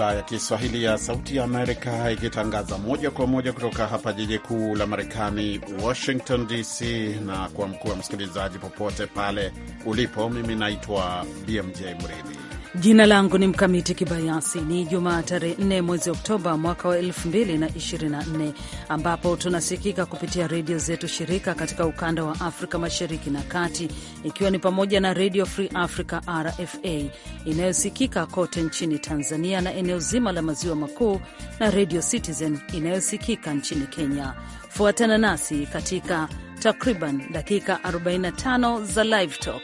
idhaa ya Kiswahili ya Sauti ya Amerika ikitangaza moja kwa moja kutoka hapa jiji kuu la Marekani, Washington DC. Na kwa mkuu wa msikilizaji, popote pale ulipo, mimi naitwa BMJ Mridhi Jina langu ni Mkamiti Kibayasi. Ni Jumaa tarehe 4 mwezi Oktoba mwaka wa 2024 ambapo tunasikika kupitia redio zetu shirika katika ukanda wa Afrika mashariki na kati, ikiwa ni pamoja na Redio Free Africa RFA inayosikika kote nchini Tanzania na eneo zima la maziwa makuu na Redio Citizen inayosikika nchini Kenya. Fuatana nasi katika takriban dakika 45 za Live Talk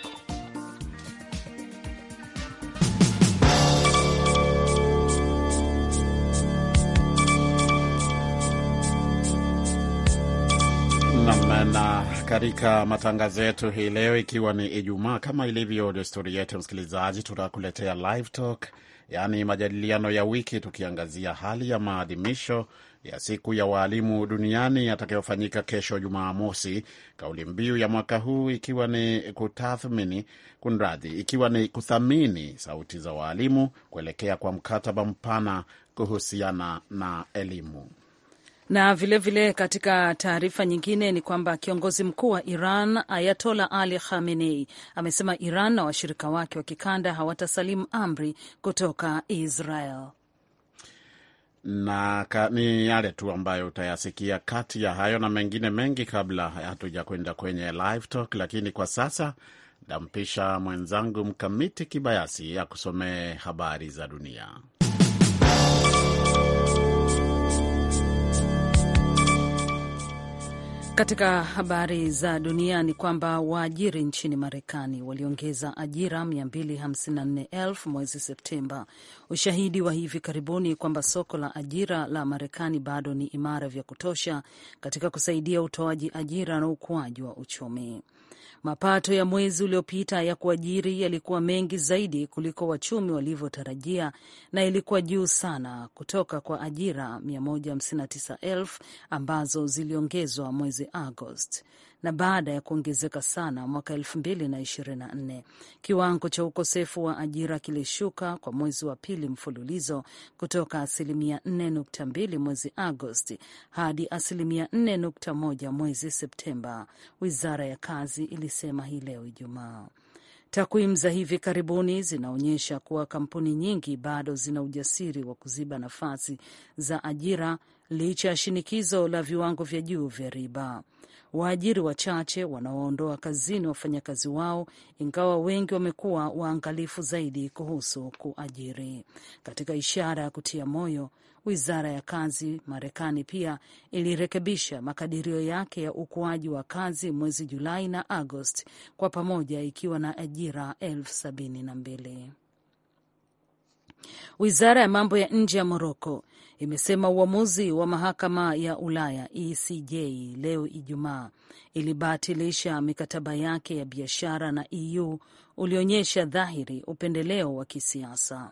na katika matangazo yetu hii leo, ikiwa ni Ijumaa, kama ilivyo desturi yetu, msikilizaji, tutakuletea live talk, yaani majadiliano ya wiki, tukiangazia hali ya maadhimisho ya siku ya waalimu duniani yatakayofanyika kesho Jumamosi, kauli mbiu ya mwaka huu ikiwa ni kutathmini kunradhi, ikiwa ni kuthamini sauti za waalimu kuelekea kwa mkataba mpana kuhusiana na elimu. Na vilevile vile katika taarifa nyingine ni kwamba kiongozi mkuu wa Iran Ayatola Ali Khamenei amesema Iran na washirika wake wa kikanda hawatasalimu amri kutoka Israel na ka, ni yale tu ambayo utayasikia kati ya hayo na mengine mengi kabla hatuja kwenda kwenye live talk, lakini kwa sasa nampisha mwenzangu Mkamiti Kibayasi akusomee habari za dunia. Katika habari za dunia ni kwamba waajiri nchini Marekani waliongeza ajira 254,000 mwezi Septemba, ushahidi wa hivi karibuni kwamba soko la ajira la Marekani bado ni imara vya kutosha katika kusaidia utoaji ajira na ukuaji wa uchumi. Mapato ya mwezi uliopita ya kuajiri yalikuwa mengi zaidi kuliko wachumi walivyotarajia na ilikuwa juu sana kutoka kwa ajira 159,000 ambazo ziliongezwa mwezi Agosti na baada ya kuongezeka sana mwaka 2024. Kiwango cha ukosefu wa ajira kilishuka kwa mwezi wa pili mfululizo kutoka asilimia 4.2 mwezi Agosti hadi asilimia 4.1 mwezi Septemba, wizara ya kazi ilisema hii leo Ijumaa. Takwimu za hivi karibuni zinaonyesha kuwa kampuni nyingi bado zina ujasiri wa kuziba nafasi za ajira licha ya shinikizo la viwango vya juu vya riba waajiri wachache wanaoondoa kazini wafanyakazi wao, ingawa wengi wamekuwa waangalifu zaidi kuhusu kuajiri. Katika ishara ya kutia moyo, wizara ya kazi Marekani pia ilirekebisha makadirio yake ya ukuaji wa kazi mwezi Julai na Agosti kwa pamoja, ikiwa na ajira elfu sabini na mbili. Wizara ya mambo ya nje ya Moroko imesema uamuzi wa mahakama ya Ulaya ECJ leo Ijumaa ilibatilisha mikataba yake ya biashara na EU ulionyesha dhahiri upendeleo wa kisiasa.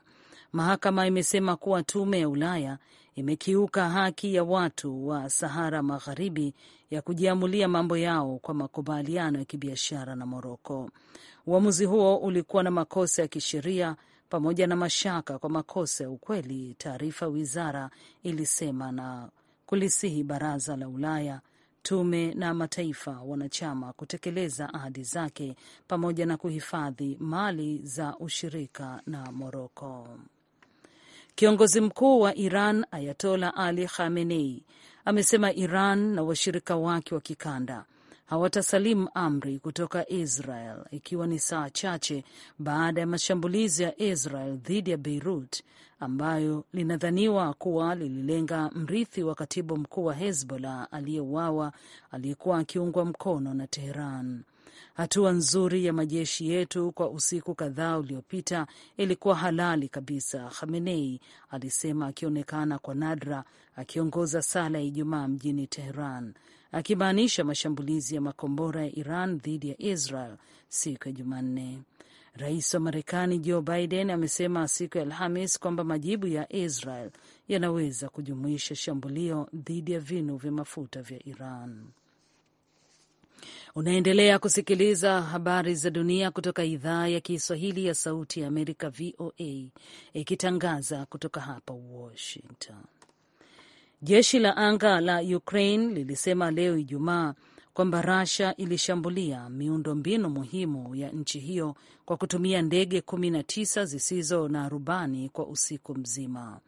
Mahakama imesema kuwa tume ya Ulaya imekiuka haki ya watu wa Sahara Magharibi ya kujiamulia mambo yao kwa makubaliano ya kibiashara na Moroko. Uamuzi huo ulikuwa na makosa ya kisheria pamoja na mashaka kwa makosa ya ukweli, taarifa wizara ilisema na kulisihi baraza la Ulaya, tume na mataifa wanachama kutekeleza ahadi zake pamoja na kuhifadhi mali za ushirika na Moroko. Kiongozi mkuu wa Iran Ayatola Ali Khamenei amesema Iran na washirika wake wa kikanda hawatasalimu amri kutoka Israel, ikiwa ni saa chache baada ya mashambulizi ya Israel dhidi ya Beirut ambayo linadhaniwa kuwa lililenga mrithi wa katibu mkuu wa Hezbollah aliyeuawa aliyekuwa akiungwa mkono na Teheran. Hatua nzuri ya majeshi yetu kwa usiku kadhaa uliopita ilikuwa halali kabisa, Khamenei alisema, akionekana kwa nadra akiongoza sala ya Ijumaa mjini Teheran akimaanisha mashambulizi ya makombora ya Iran dhidi ya Israel siku ya Jumanne. Rais wa Marekani Joe Biden amesema siku ya Alhamis kwamba majibu ya Israel yanaweza kujumuisha shambulio dhidi ya vinu vya mafuta vya Iran. Unaendelea kusikiliza habari za dunia kutoka idhaa ya Kiswahili ya Sauti ya Amerika, VOA, ikitangaza kutoka hapa Washington. Jeshi la anga la Ukraine lilisema leo Ijumaa kwamba Russia ilishambulia miundo mbinu muhimu ya nchi hiyo kwa kutumia ndege 19 zisizo na rubani kwa usiku mzima.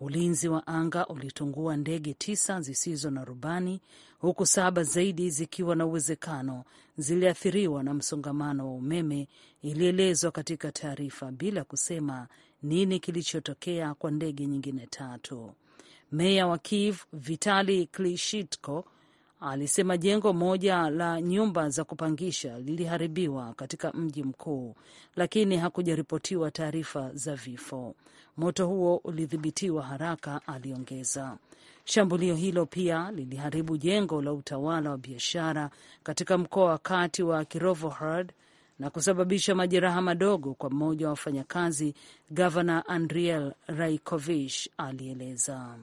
Ulinzi wa anga ulitungua ndege tisa zisizo na rubani huku saba zaidi zikiwa na uwezekano ziliathiriwa na msongamano wa umeme, ilielezwa katika taarifa, bila kusema nini kilichotokea kwa ndege nyingine tatu. Meya wa Kiev Vitali klishitko alisema jengo moja la nyumba za kupangisha liliharibiwa katika mji mkuu, lakini hakujaripotiwa taarifa za vifo. Moto huo ulidhibitiwa haraka, aliongeza. Shambulio hilo pia liliharibu jengo la utawala wa biashara katika mkoa wa kati wa Kirovohrad na kusababisha majeraha madogo kwa mmoja wa wafanyakazi, gavana Andriel Raikovich alieleza.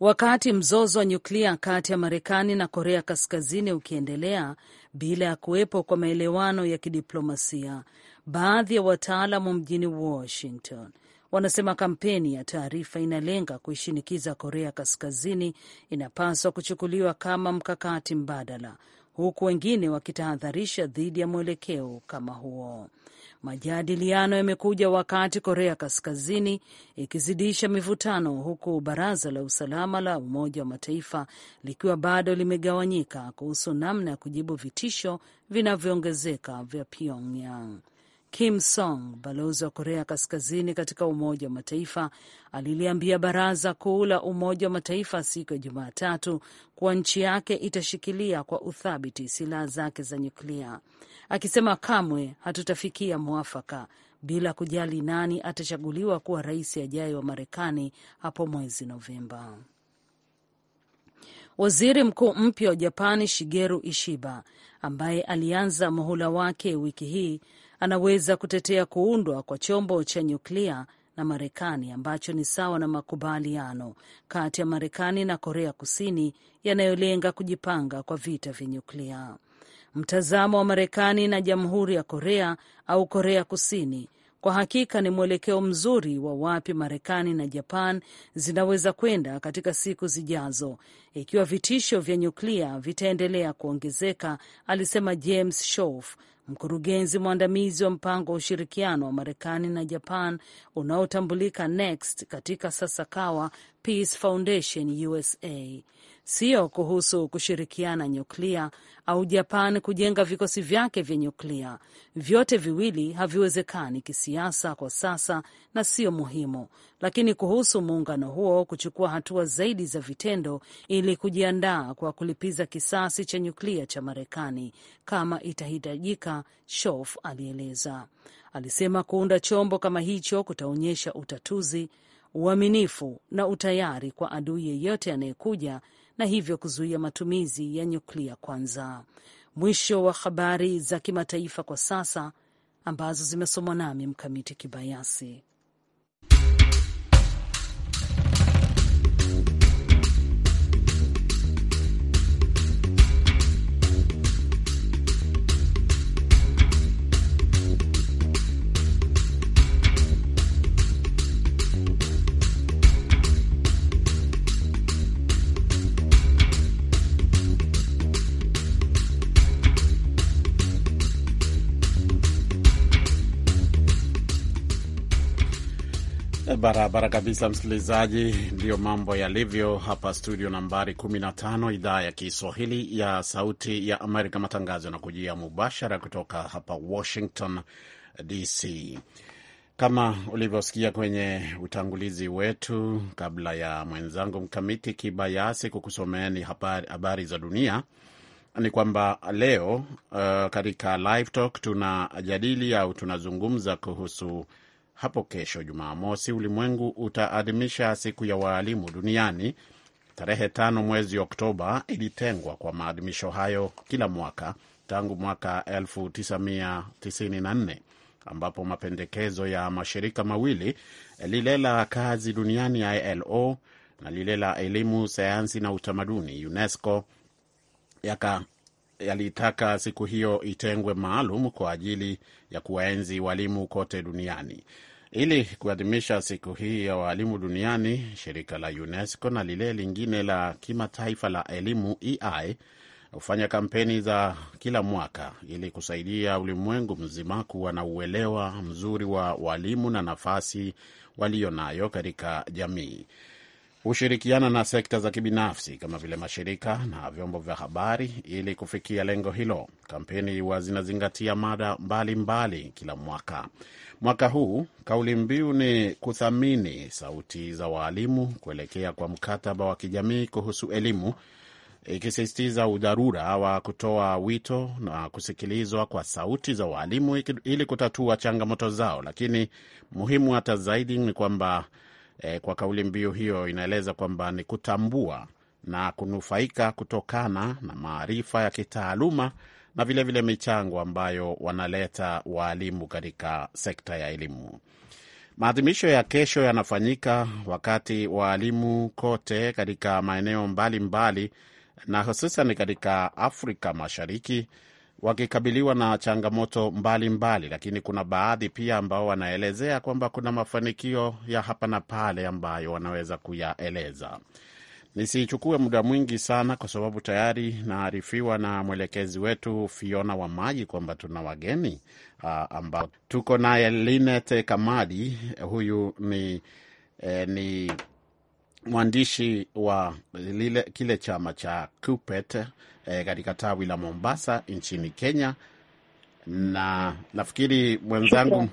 Wakati mzozo wa nyuklia kati ya Marekani na Korea Kaskazini ukiendelea bila ya kuwepo kwa maelewano ya kidiplomasia, baadhi ya wataalamu mjini Washington wanasema kampeni ya taarifa inalenga kuishinikiza Korea Kaskazini inapaswa kuchukuliwa kama mkakati mbadala huku wengine wakitahadharisha dhidi ya mwelekeo kama huo. Majadiliano yamekuja wakati Korea Kaskazini ikizidisha mivutano, huku Baraza la Usalama la Umoja wa Mataifa likiwa bado limegawanyika kuhusu namna ya kujibu vitisho vinavyoongezeka vya Pyongyang. Kim Song, balozi wa Korea Kaskazini katika Umoja wa Mataifa, aliliambia Baraza Kuu la Umoja wa Mataifa siku ya Jumatatu kuwa nchi yake itashikilia kwa uthabiti silaha zake za nyuklia, akisema kamwe hatutafikia mwafaka bila kujali nani atachaguliwa kuwa rais ajaye wa Marekani hapo mwezi Novemba. Waziri mkuu mpya wa Japani Shigeru Ishiba, ambaye alianza muhula wake wiki hii, anaweza kutetea kuundwa kwa chombo cha nyuklia na Marekani ambacho ni sawa na makubaliano kati ya Marekani na Korea Kusini yanayolenga kujipanga kwa vita vya nyuklia. Mtazamo wa Marekani na Jamhuri ya Korea au Korea Kusini kwa hakika ni mwelekeo mzuri wa wapi Marekani na Japan zinaweza kwenda katika siku zijazo ikiwa vitisho vya nyuklia vitaendelea kuongezeka, alisema James Shorf, Mkurugenzi mwandamizi wa mpango wa ushirikiano wa Marekani na Japan unaotambulika NEXT katika Sasakawa Peace Foundation USA sio kuhusu kushirikiana nyuklia au Japan kujenga vikosi vyake vya nyuklia. Vyote viwili haviwezekani kisiasa kwa sasa na sio muhimu, lakini kuhusu muungano huo kuchukua hatua zaidi za vitendo ili kujiandaa kwa kulipiza kisasi cha nyuklia cha Marekani kama itahitajika, Shof alieleza. Alisema kuunda chombo kama hicho kutaonyesha utatuzi, uaminifu na utayari kwa adui yeyote anayekuja na hivyo kuzuia matumizi ya nyuklia kwanza. Mwisho wa habari za kimataifa kwa sasa ambazo zimesomwa nami Mkamiti Kibayasi. Barabara kabisa, msikilizaji, ndiyo mambo yalivyo hapa studio nambari 15 idhaa ya Kiswahili ya Sauti ya Amerika. Matangazo yanakujia mubashara kutoka hapa Washington DC. Kama ulivyosikia kwenye utangulizi wetu, kabla ya mwenzangu Mkamiti Kibayasi kukusomeeni habari za dunia, ni kwamba leo uh, katika Live Talk tunajadili au tunazungumza kuhusu hapo kesho Jumamosi, ulimwengu utaadhimisha siku ya waalimu duniani. Tarehe tano mwezi Oktoba ilitengwa kwa maadhimisho hayo kila mwaka tangu mwaka 1994 ambapo mapendekezo ya mashirika mawili lile la kazi duniani ILO na lile la elimu, sayansi na utamaduni UNESCO yaka yalitaka siku hiyo itengwe maalum kwa ajili ya kuwaenzi walimu kote duniani. Ili kuadhimisha siku hii ya waalimu duniani, shirika la UNESCO na lile lingine la kimataifa la elimu EI hufanya kampeni za kila mwaka ili kusaidia ulimwengu mzima kuwa na uelewa mzuri wa walimu na nafasi walio nayo katika jamii. Hushirikiana na sekta za kibinafsi kama vile mashirika na vyombo vya habari ili kufikia lengo hilo. Kampeni huwa zinazingatia mada mbalimbali mbali kila mwaka. Mwaka huu kauli mbiu ni kuthamini sauti za waalimu kuelekea kwa mkataba wa kijamii kuhusu elimu, ikisisitiza udharura wa kutoa wito na kusikilizwa kwa sauti za waalimu ili kutatua changamoto zao. Lakini muhimu hata zaidi ni kwamba eh, kwa kauli mbiu hiyo inaeleza kwamba ni kutambua na kunufaika kutokana na maarifa ya kitaaluma na vilevile michango ambayo wanaleta waalimu katika sekta ya elimu. Maadhimisho ya kesho yanafanyika wakati waalimu kote katika maeneo mbalimbali mbali, na hususan katika Afrika Mashariki wakikabiliwa na changamoto mbalimbali mbali, lakini kuna baadhi pia ambao wanaelezea kwamba kuna mafanikio ya hapa na pale ambayo wanaweza kuyaeleza. Nisichukue muda mwingi sana, kwa sababu tayari naarifiwa na mwelekezi wetu Fiona wa Maji kwamba tuna wageni ah, ambao tuko naye. Linet Kamadi, huyu ni, eh, ni mwandishi wa lile, kile chama cha KUPPET eh, katika eh, tawi la Mombasa nchini Kenya na nafikiri mwenzangu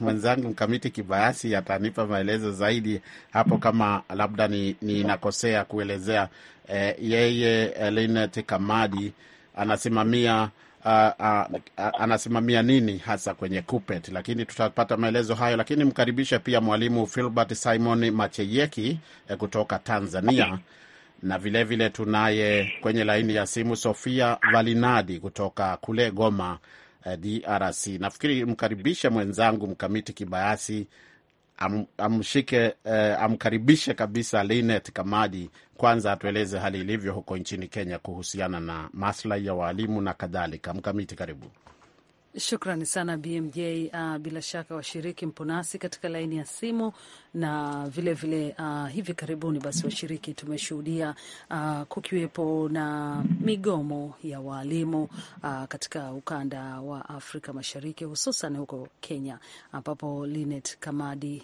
mwenzangu Mkamiti Kibayasi atanipa maelezo zaidi hapo kama labda ninakosea ni kuelezea. E, yeye Linet Kamadi anasimamia a, a, a, anasimamia nini hasa kwenye Kupet, lakini tutapata maelezo hayo, lakini mkaribishe pia mwalimu Filbert Simon Macheyeki e, kutoka Tanzania na vilevile tunaye kwenye laini ya simu Sofia Valinadi kutoka kule Goma Eh, DRC. Nafikiri mkaribishe mwenzangu Mkamiti Kibayasi am, amshike eh, amkaribishe kabisa Linet Kamadi, kwanza atueleze hali ilivyo huko nchini Kenya kuhusiana na maslahi ya waalimu na kadhalika. Mkamiti, karibu. Shukrani sana BMJ. Uh, ah, bila shaka washiriki mponasi katika laini ya simu na vilevile vile, uh, hivi karibuni basi washiriki tumeshuhudia uh, kukiwepo na migomo ya waalimu uh, katika ukanda wa Afrika Mashariki hususan huko Kenya ambapo Linet Kamadi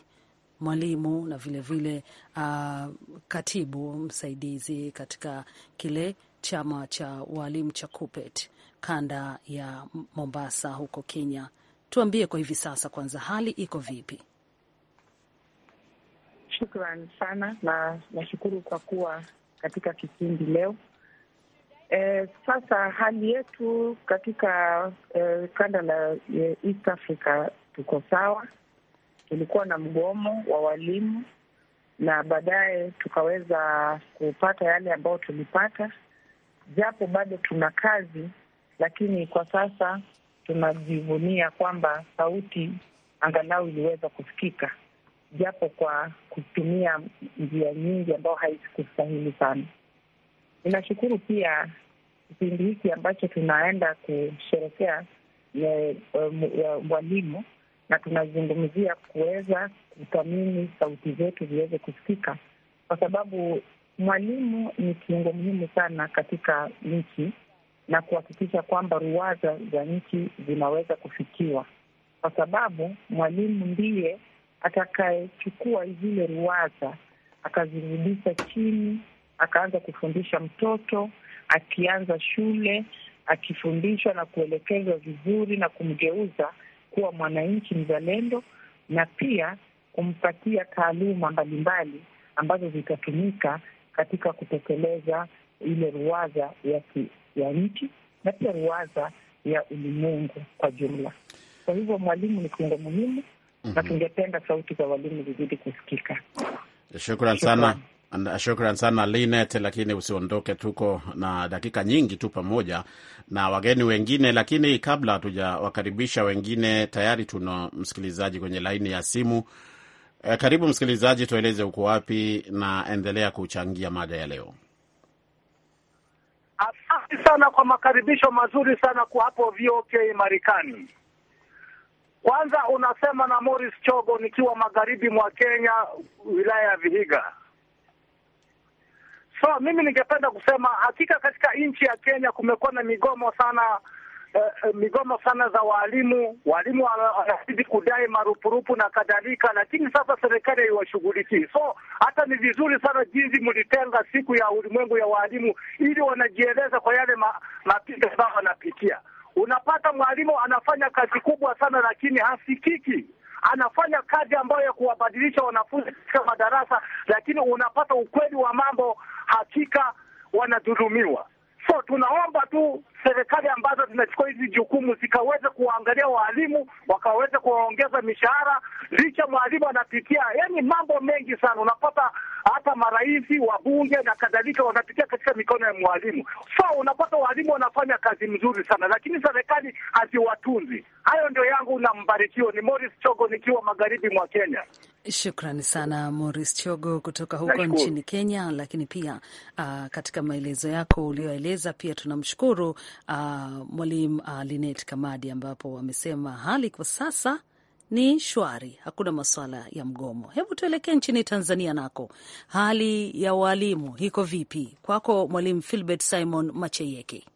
mwalimu na vilevile vile, uh, katibu msaidizi katika kile chama cha walimu cha KUPPET kanda ya Mombasa huko Kenya. Tuambie kwa hivi sasa, kwanza hali iko vipi? Shukran sana na nashukuru kwa kuwa katika kipindi leo. E, sasa hali yetu katika e, kanda la e, East Africa tuko sawa. Tulikuwa na mgomo wa walimu na baadaye tukaweza kupata yale ambayo tulipata japo bado tuna kazi, lakini kwa sasa tunajivunia kwamba sauti angalau iliweza kusikika, japo kwa kutumia njia nyingi ambayo haikustahili sana. Ninashukuru pia kipindi hiki ambacho tunaenda kusherekea e, e, e, mwalimu na tunazungumzia kuweza kuthamini sauti zetu ziweze kusikika, kwa sababu mwalimu ni kiungo muhimu sana katika nchi na kuhakikisha kwamba ruwaza za nchi zinaweza kufikiwa, kwa sababu mwalimu ndiye atakayechukua zile ruwaza akazirudisha chini, akaanza kufundisha mtoto. Akianza shule, akifundishwa na kuelekezwa vizuri na kumgeuza kuwa mwananchi mzalendo, na pia kumpatia taaluma mbalimbali ambazo zitatumika katika kutekeleza ile ruwaza ya, ya nchi na pia ruwaza ya ulimwengu kwa jumla. Kwa hivyo mwalimu ni kiungo muhimu mm -hmm. na mhm. tungependa sauti za walimu zizidi kusikika. Shukran sana, shukran sana uh, Linet, lakini usiondoke, tuko na dakika nyingi tu pamoja na wageni wengine, lakini kabla hatujawakaribisha wengine, tayari tuna msikilizaji kwenye laini ya simu. E, karibu msikilizaji, tueleze uko wapi na endelea kuchangia mada ya leo. Asante sana kwa makaribisho mazuri sana kwa hapo VOK Marekani. Kwanza unasema na Morris Chogo, nikiwa magharibi mwa Kenya, wilaya ya Vihiga. So mimi ningependa kusema hakika katika nchi ya Kenya kumekuwa na migomo sana Eh, eh, migomo sana za waalimu. Waalimu wanazidi kudai marupurupu na kadhalika, lakini sasa serikali haiwashughulikii. So hata ni vizuri sana jinsi mlitenga siku ya ulimwengu ya waalimu, ili wanajieleza kwa yale ma, ambayo wanapitia. Unapata mwalimu anafanya kazi kubwa sana, lakini hasikiki anafanya kazi ambayo ya kuwabadilisha wanafunzi katika madarasa, lakini unapata ukweli wa mambo, hakika wanadhulumiwa tunaomba tu serikali ambazo zinachukua hizi jukumu zikaweze kuwaangalia waalimu, wakaweze kuwaongeza mishahara. Licha mwalimu anapitia yani mambo mengi sana, unapata hata marais, wabunge na kadhalika wanapitia katika mikono ya mwalimu. So unapata waalimu wanafanya kazi mzuri sana, lakini serikali haziwatunzi. Hayo ndio yangu na mbarikiwa. Ni Morris Chogo nikiwa magharibi mwa Kenya. Shukrani sana moris Chogo kutoka huko nchini Kenya. Lakini pia uh, katika maelezo yako uliyoeleza pia tunamshukuru uh, mwalimu uh, Linet Kamadi ambapo amesema hali kwa sasa ni shwari, hakuna masuala ya mgomo. Hebu tuelekee nchini Tanzania nako hali ya walimu iko vipi? Kwako Mwalimu Filbert Simon Macheyeke.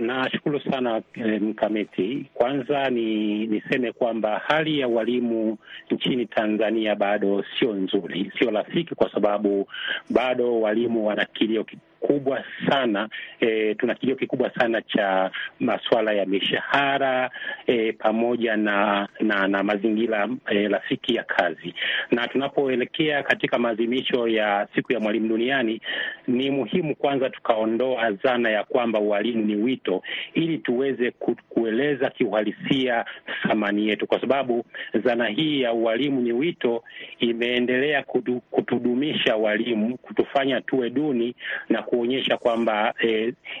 Nashukuru sana eh, mkamiti. Kwanza ni niseme kwamba hali ya walimu nchini Tanzania bado sio nzuri, sio rafiki, kwa sababu bado walimu wana kilio kubwa sana e, tuna kilio kikubwa sana cha masuala ya mishahara e, pamoja na na, na mazingira e, rafiki e, ya kazi. Na tunapoelekea katika maadhimisho ya siku ya mwalimu duniani, ni muhimu kwanza tukaondoa dhana ya kwamba ualimu ni wito, ili tuweze kueleza kiuhalisia thamani yetu, kwa sababu dhana hii ya ualimu ni wito imeendelea kutudumisha walimu, kutufanya tuwe duni na ku kuonyesha kwamba e,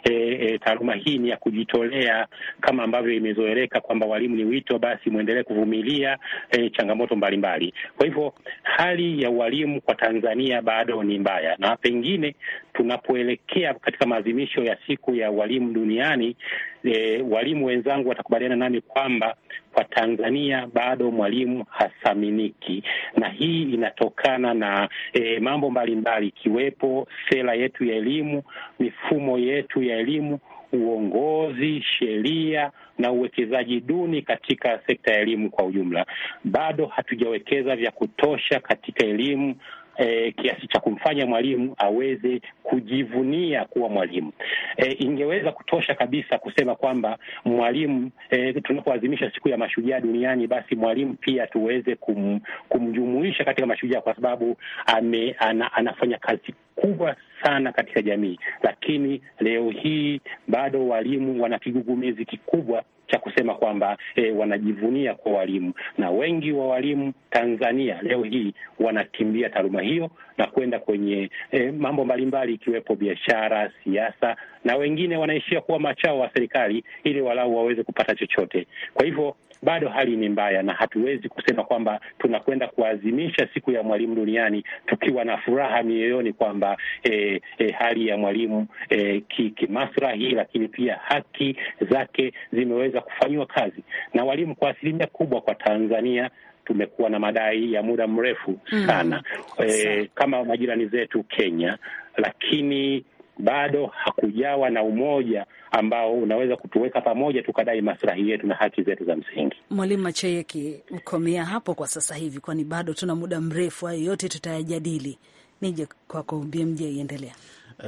e, e, taaluma hii ni ya kujitolea kama ambavyo imezoeleka kwamba walimu ni wito, basi mwendelee kuvumilia e, changamoto mbalimbali mbali. Kwa hivyo hali ya ualimu kwa Tanzania bado ni mbaya, na pengine tunapoelekea katika maadhimisho ya siku ya ualimu duniani e, walimu wenzangu watakubaliana nami kwamba kwa Tanzania bado mwalimu hasaminiki, na hii inatokana na e, mambo mbalimbali ikiwepo sera yetu ya elimu, mifumo yetu ya elimu, uongozi, sheria na uwekezaji duni katika sekta ya elimu kwa ujumla. Bado hatujawekeza vya kutosha katika elimu e, kiasi cha kumfanya mwalimu aweze kujivunia kuwa mwalimu. E, ingeweza kutosha kabisa kusema kwamba mwalimu e, tunapoadhimisha siku ya mashujaa duniani, basi mwalimu pia tuweze kum, kumjumuisha katika mashujaa, kwa sababu ame, ana, anafanya kazi kubwa sana katika jamii, lakini leo hii bado walimu wana kigugumizi kikubwa cha kusema kwamba e, wanajivunia kwa walimu na wengi wa walimu Tanzania leo hii wanakimbia taaluma hiyo na kwenda kwenye e, mambo mbalimbali ikiwepo biashara, siasa na wengine wanaishia kuwa machao wa serikali ili walau waweze kupata chochote. Kwa hivyo bado hali ni mbaya, na hatuwezi kusema kwamba tunakwenda kuazimisha siku ya mwalimu duniani tukiwa na furaha mioyoni kwamba eh, eh, hali ya mwalimu eh, kimaslahi ki, lakini pia haki zake zimeweza kufanyiwa kazi na walimu kwa asilimia kubwa. Kwa Tanzania tumekuwa na madai ya muda mrefu mm. sana mm. E, kama majirani zetu Kenya, lakini bado hakujawa na umoja ambao unaweza kutuweka pamoja tukadai maslahi yetu na haki zetu za msingi. Mwalimu Macheyeki, mkomea hapo kwa sasa hivi, kwani bado tuna muda mrefu, hayo yote tutayajadili. Nije kwako BMJ, iendelea.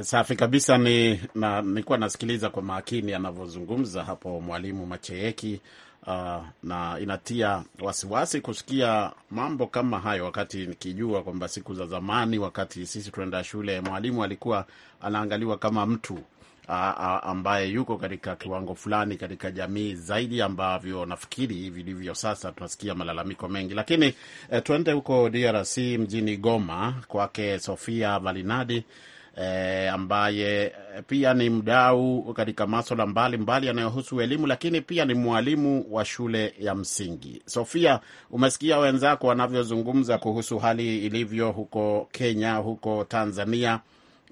Safi kabisa. Ni na, nilikuwa nasikiliza kwa makini anavyozungumza hapo mwalimu Macheyeki uh, na inatia wasiwasi kusikia mambo kama hayo, wakati nikijua kwamba siku za zamani, wakati sisi tunaenda shule, mwalimu alikuwa anaangaliwa kama mtu A, uh, uh, ambaye yuko katika kiwango fulani katika jamii zaidi ambavyo nafikiri vilivyo sasa. Tunasikia malalamiko mengi, lakini e, tuende huko DRC mjini Goma kwake Sofia Malinadi e, ambaye eh, pia ni mdau katika maswala mbalimbali yanayohusu elimu, lakini pia ni mwalimu wa shule ya msingi. Sofia, umesikia wenzako wanavyozungumza kuhusu hali ilivyo huko Kenya, huko Tanzania,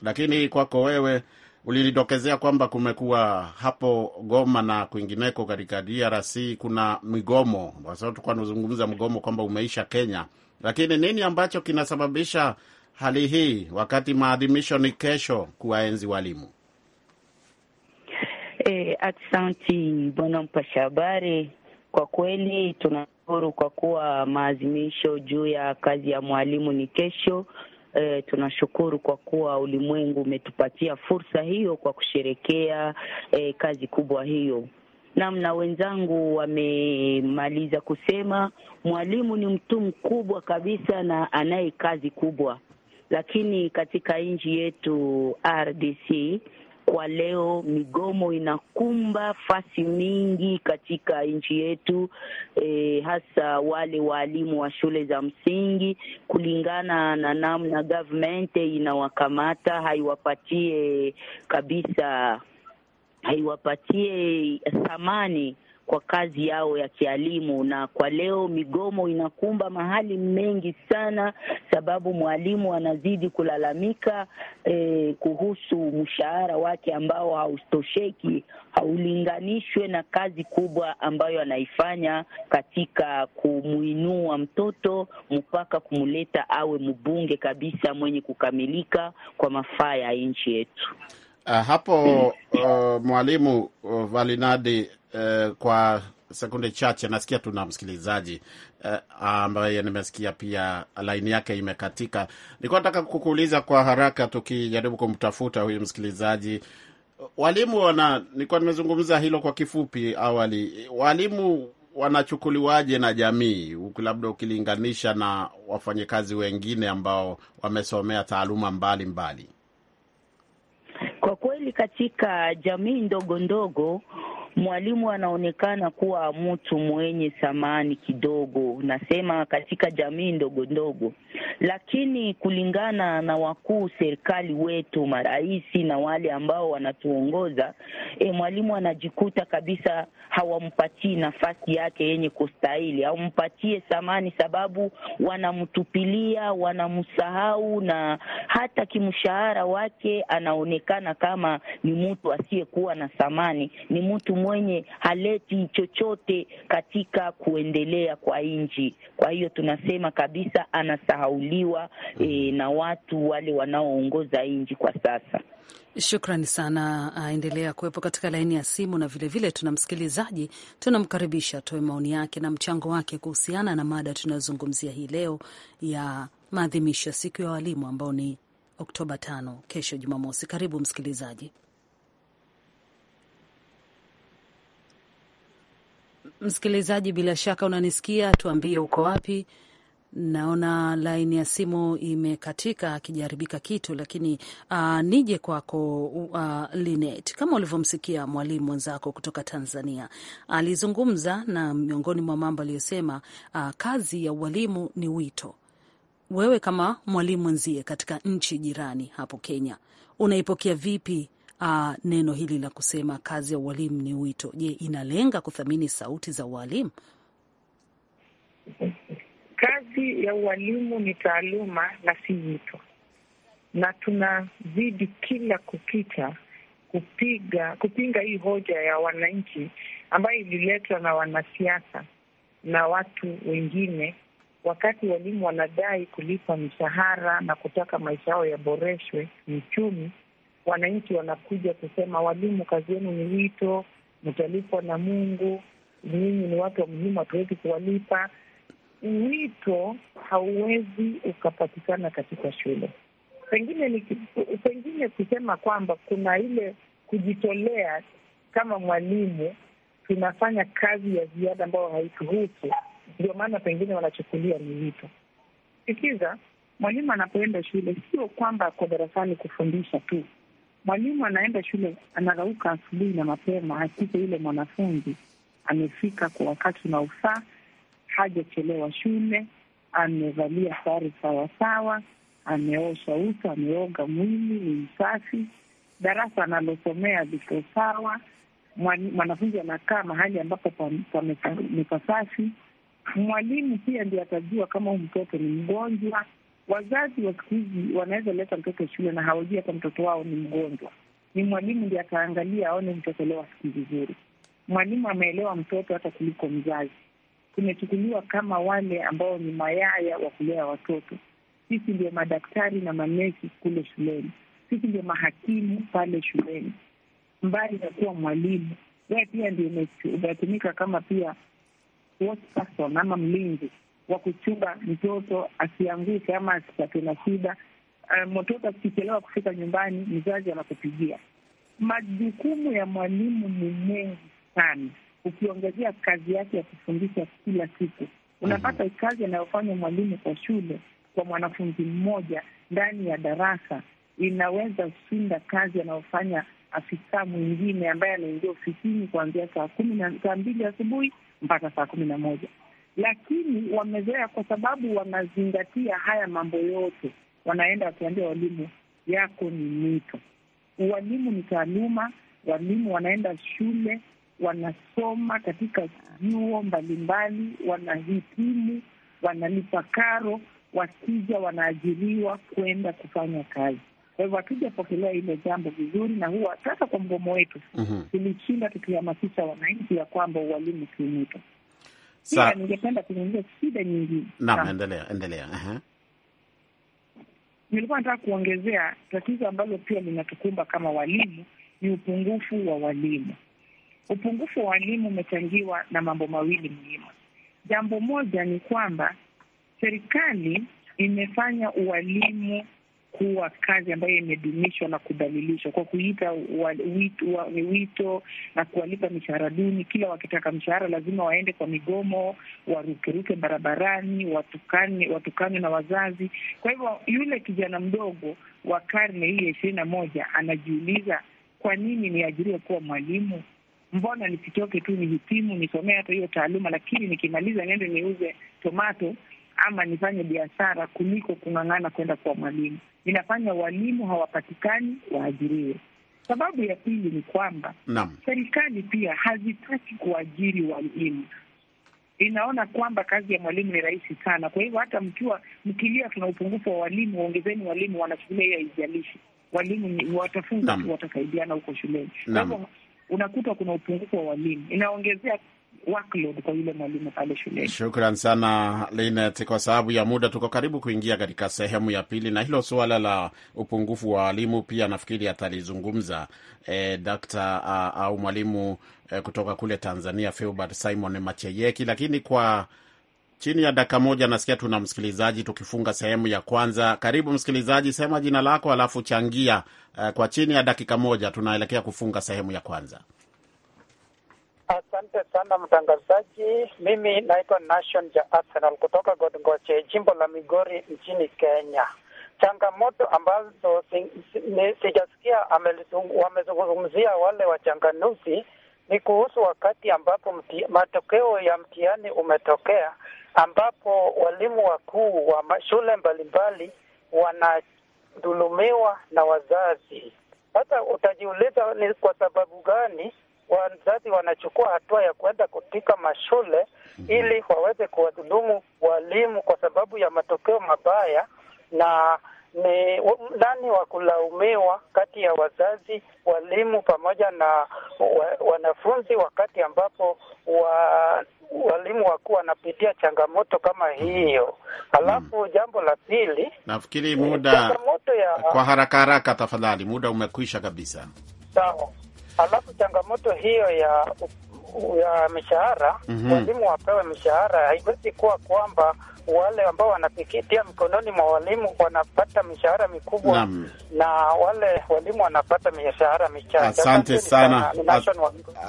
lakini kwako wewe ulinidokezea kwamba kumekuwa hapo Goma na kwingineko katika DRC kuna migomo, kwa sababu tulikuwa mgomo kwamba umeisha Kenya, lakini nini ambacho kinasababisha hali hii wakati maadhimisho ni kesho kuwaenzi walimu? E, aksanti bwana mpasha habari. Kwa kweli tunashukuru kwa kuwa maadhimisho juu ya kazi ya mwalimu ni kesho. E, tunashukuru kwa kuwa ulimwengu umetupatia fursa hiyo kwa kusherekea e, kazi kubwa hiyo. Namna wenzangu wamemaliza kusema, mwalimu ni mtu mkubwa kabisa na anaye kazi kubwa lakini katika nchi yetu RDC kwa leo migomo inakumba fasi mingi katika nchi yetu e, hasa wale waalimu wa shule za msingi, kulingana na namna government inawakamata, haiwapatie kabisa, haiwapatie thamani kwa kazi yao ya kialimu. Na kwa leo migomo inakumba mahali mengi sana, sababu mwalimu anazidi kulalamika eh, kuhusu mshahara wake ambao hautosheki, haulinganishwe na kazi kubwa ambayo anaifanya katika kumuinua mtoto mpaka kumleta awe mbunge kabisa mwenye kukamilika kwa mafaa ya nchi yetu. Uh, hapo hmm. uh, mwalimu uh, Valinadi Eh, kwa sekunde chache, nasikia tuna msikilizaji uh, ambaye nimesikia pia laini yake imekatika. Nilikuwa nataka kukuuliza kwa haraka, tukijaribu kumtafuta huyu msikilizaji walimu wana, nilikuwa nimezungumza hilo kwa kifupi awali, walimu wanachukuliwaje na jamii, labda ukilinganisha na wafanyakazi wengine ambao wamesomea taaluma mbalimbali mbali. Kwa kweli katika jamii ndogo ndogo mwalimu anaonekana kuwa mtu mwenye thamani kidogo, nasema katika jamii ndogo ndogo, lakini kulingana na wakuu serikali wetu, marais na wale ambao wanatuongoza, e, mwalimu anajikuta kabisa hawampatii nafasi yake yenye kustahili, hawampatie thamani, sababu wanamtupilia, wanamsahau, na hata kimshahara wake anaonekana kama ni mtu asiyekuwa na thamani, ni mtu mwenye haleti chochote katika kuendelea kwa nchi. Kwa hiyo tunasema kabisa anasahauliwa e, na watu wale wanaoongoza nchi kwa sasa. Shukrani sana, aendelea ah, kuwepo katika laini ya simu, na vilevile vile tuna msikilizaji, tunamkaribisha atoe maoni yake na mchango wake kuhusiana na mada tunayozungumzia hii leo ya maadhimisho ya siku ya walimu ambao ni Oktoba tano, kesho Jumamosi. Karibu msikilizaji. Msikilizaji, bila shaka unanisikia, tuambie uko wapi. Naona laini ya simu imekatika, akijaribika kitu lakini uh, nije kwako uh, Linet. Kama ulivyomsikia mwalimu mwenzako kutoka Tanzania alizungumza, uh, na miongoni mwa mambo aliyosema, uh, kazi ya ualimu ni wito. Wewe kama mwalimu mwenzie katika nchi jirani hapo Kenya, unaipokea vipi uh, neno hili la kusema kazi ya ualimu ni wito, je, inalenga kuthamini sauti za ualimu? Kazi ya ualimu ni taaluma na si wito, na tunazidi kila kukicha kupiga kupinga hii hoja ya wananchi ambayo ililetwa na wanasiasa na watu wengine, wakati walimu wanadai kulipa mishahara na kutaka maisha yao yaboreshwe kiuchumi wananchi wanakuja kusema, walimu, kazi yenu ni wito, mtalipwa na Mungu, nyinyi ni watu wa muhimu, hatuwezi kuwalipa. Wito hauwezi ukapatikana katika shule. Pengine ni pengine kusema kwamba kuna ile kujitolea kama mwalimu, tunafanya kazi ya ziada ambayo haituhusu, ndio maana pengine wanachukulia ni wito. Sikiza, mwalimu anapoenda shule sio kwamba ako darasani kufundisha tu Mwalimu anaenda shule, anarauka asubuhi na mapema, hakika yule mwanafunzi amefika kwa wakati unaofaa, hajachelewa shule, amevalia sare sawasawa, ameosha uso, ameoga mwili, ni msafi, darasa analosomea viko sawa, mwanafunzi anakaa mahali ambapo pamepasafi. Mwalimu pia ndio atajua kama huu mtoto ni mgonjwa Wazazi wa siku hizi wanaweza leta mtoto shule na hawajui hata mtoto wao ni mgonjwa. Ni mwalimu ndi ataangalia aone mtoto leo asikii vizuri. Mwalimu ameelewa mtoto hata kuliko mzazi. Tumechukuliwa kama wale ambao ni mayaya wa kulea watoto. Sisi ndio madaktari na manesi kule shuleni, sisi ndio mahakimu pale shuleni. Mbali na kuwa mwalimu, wee pia ndio unatumika kama pia ama mlinzi wa kuchunga mtoto asianguke ama asipate na shida. Uh, mtoto akichelewa kufika nyumbani, mzazi anakupigia. Majukumu ya mwalimu ni mengi sana, ukiongezea kazi yake ya kufundisha kila siku, unapata mm -hmm. kazi anayofanya mwalimu kwa shule kwa mwanafunzi mmoja ndani ya darasa inaweza shinda kazi anayofanya afisa mwingine ambaye anaingia ofisini kuanzia saa kumi na saa mbili asubuhi mpaka saa kumi na moja lakini wamezoea kwa sababu wanazingatia haya mambo yote. Wanaenda wakiambia walimu, yako ni mito. Uwalimu ni taaluma, walimu wanaenda shule, wanasoma katika vyuo mbalimbali, wanahitimu, wanalipa karo, wakija wanaajiriwa kwenda kufanya kazi. Kwa hivyo hatujapokelea hilo jambo vizuri, na huwa sasa kwa mgomo wetu mhm. tulishinda, mm -hmm. tukihamasisha wananchi ya kwamba uwalimu si mito. Sa... ningependa kuzungumza shida nyingine. Naam, endelea endelea. uh-huh. Nilikuwa nataka kuongezea tatizo ambalo pia linatukumba kama walimu ni upungufu wa walimu. Upungufu wa walimu umechangiwa na mambo mawili muhimu. Jambo moja ni kwamba serikali imefanya uwalimu kuwa kazi ambayo imedumishwa na kudhalilishwa kwa kuita wito na kuwalipa mishahara duni. Kila wakitaka mshahara lazima waende kwa migomo, warukeruke barabarani, watukane watukane na wazazi. Kwa hivyo yule kijana mdogo wa karne hii ya ishirini na moja anajiuliza, kwa nini niajiriwe kuwa mwalimu? Mbona nisitoke tu nihitimu nisomee hata hiyo taaluma, lakini nikimaliza niende niuze tomato ama nifanye biashara kuliko kung'ang'ana kwenda kwa mwalimu. Inafanya walimu hawapatikani, waajiriwe. Sababu ya pili ni kwamba serikali pia hazitaki kuajiri walimu inaona kwamba kazi ya mwalimu ni rahisi sana. Kwa hivyo hata mkiwa mkilia, tuna upungufu wa walimu, waongezeni walimu, wanachukulia hiyo haijalishi. Walimu watafunza tu, watasaidiana huko shuleni. Kwa hivyo unakuta kuna upungufu wa walimu, inaongezea workload kwa yule mwalimu pale shuleni. Shukran sana Linet. Kwa sababu ya muda, tuko karibu kuingia katika sehemu ya pili, na hilo suala la upungufu wa walimu pia nafikiri atalizungumza eh, dakta uh, au mwalimu eh, kutoka kule Tanzania Filbert Simon Macheyeki, lakini kwa chini ya dakika moja nasikia tuna msikilizaji, tukifunga sehemu ya kwanza. Karibu msikilizaji, sema jina lako alafu changia. E, kwa chini ya dakika moja tunaelekea kufunga sehemu ya kwanza. Asante sana mtangazaji. Mimi naitwa Nation ja Arsenal kutoka Godgoche, jimbo la Migori nchini Kenya. Changamoto ambazo sijasikia wamezungumzia wale wachanganuzi ni kuhusu wakati ambapo mti, matokeo ya mtihani umetokea, ambapo walimu wakuu wa shule mbalimbali wanadhulumiwa na wazazi. Sasa utajiuliza ni kwa sababu gani wazazi wanachukua hatua ya kuenda kutika mashule mhm. ili waweze kuwadhulumu walimu kwa sababu ya matokeo mabaya, na ni nani wa kulaumiwa kati ya wazazi, walimu pamoja na wanafunzi, wakati ambapo wa, walimu wakuu wanapitia changamoto kama hiyo. Alafu hmm, jambo la pili, nafikiri muda ya... kwa haraka haraka, tafadhali, muda umekwisha kabisa. Sawa. Alafu changamoto hiyo ya ya mishahara, mhm. walimu mm -hmm. wapewe mishahara, haiwezi kuwa kwamba wale ambao wanapikitia mkononi mwa walimu wanapata mishahara mikubwa na, na wale walimu wanapata mishahara michache. Asante sana,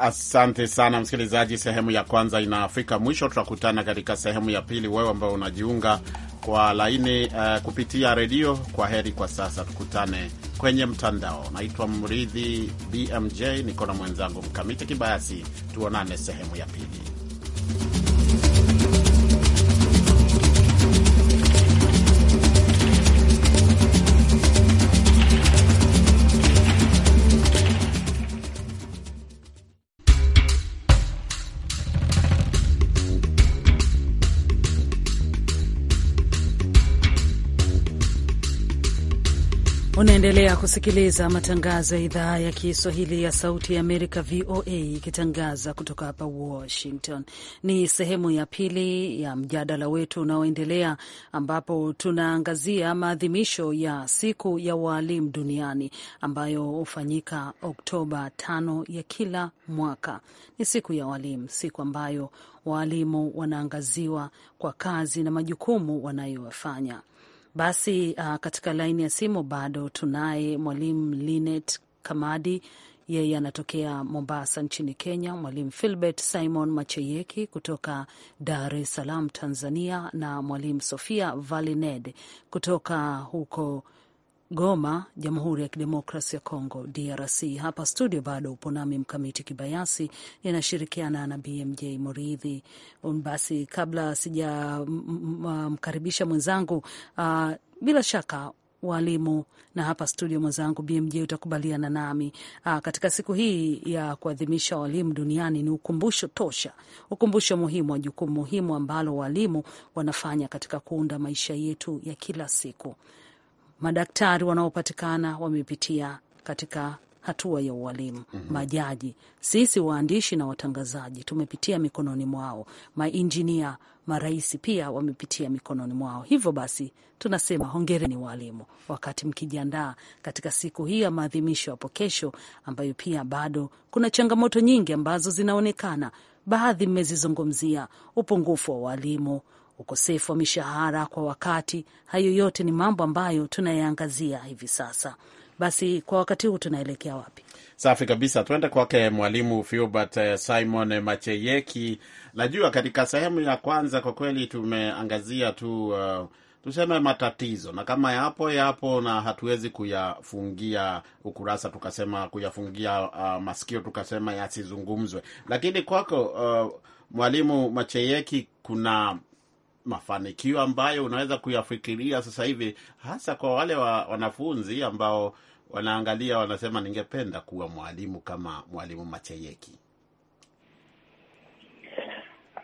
asante sana msikilizaji. Sehemu ya kwanza inafika mwisho, tutakutana katika sehemu ya pili. Wewe ambao unajiunga kwa laini uh, kupitia redio, kwa heri kwa sasa, tukutane kwenye mtandao. Naitwa Mridhi BMJ, niko na mwenzangu Mkamiti Kibayasi. Tuonane sehemu ya pili. Unaendelea kusikiliza matangazo ya idhaa ya Kiswahili ya Sauti ya Amerika, VOA, ikitangaza kutoka hapa Washington. Ni sehemu ya pili ya mjadala wetu unaoendelea, ambapo tunaangazia maadhimisho ya siku ya waalimu duniani ambayo hufanyika Oktoba tano ya kila mwaka. Ni siku ya waalimu, siku ambayo waalimu wanaangaziwa kwa kazi na majukumu wanayoyafanya. Basi uh, katika laini ya simu bado tunaye mwalimu Linet Kamadi, yeye anatokea Mombasa nchini Kenya, mwalimu Filbert Simon Macheyeki kutoka Dar es Salaam Tanzania, na mwalimu Sofia Valined kutoka huko Goma, Jamhuri ya Kidemokrasi ya Kongo, DRC. Hapa studio bado upo nami Mkamiti Kibayasi, ninashirikiana na BMJ Muridhi. Um, basi kabla sijamkaribisha mwenzangu, uh, bila shaka walimu na hapa studio mwenzangu BMJ utakubaliana nami. Aa, uh, katika siku hii ya kuadhimisha walimu duniani ni ukumbusho tosha, ukumbusho muhimu wa jukumu muhimu ambalo walimu wanafanya katika kuunda maisha yetu ya kila siku madaktari wanaopatikana wamepitia katika hatua ya ualimu mm -hmm. Majaji, sisi waandishi na watangazaji tumepitia mikononi mwao, mainjinia, marais pia wamepitia mikononi mwao. Hivyo basi tunasema hongereni waalimu, wakati mkijiandaa katika siku hii ya maadhimisho hapo kesho, ambayo pia bado kuna changamoto nyingi ambazo zinaonekana, baadhi mmezizungumzia, upungufu wa waalimu ukosefu wa mishahara kwa wakati. Hayo yote ni mambo ambayo tunayaangazia hivi sasa. Basi kwa wakati huu tunaelekea wapi? Safi kabisa, tuende kwake mwalimu Filbert eh, Simon Macheyeki. Najua katika sehemu ya kwanza kwa kweli tumeangazia tu uh, tuseme matatizo na kama yapo yapo, na hatuwezi kuyafungia ukurasa tukasema kuyafungia uh, masikio tukasema yasizungumzwe. Lakini kwako uh, mwalimu Macheyeki, kuna mafanikio ambayo unaweza kuyafikiria sasa hivi, hasa kwa wale wa wanafunzi ambao wanaangalia wanasema, ningependa kuwa mwalimu kama mwalimu Macheyeki?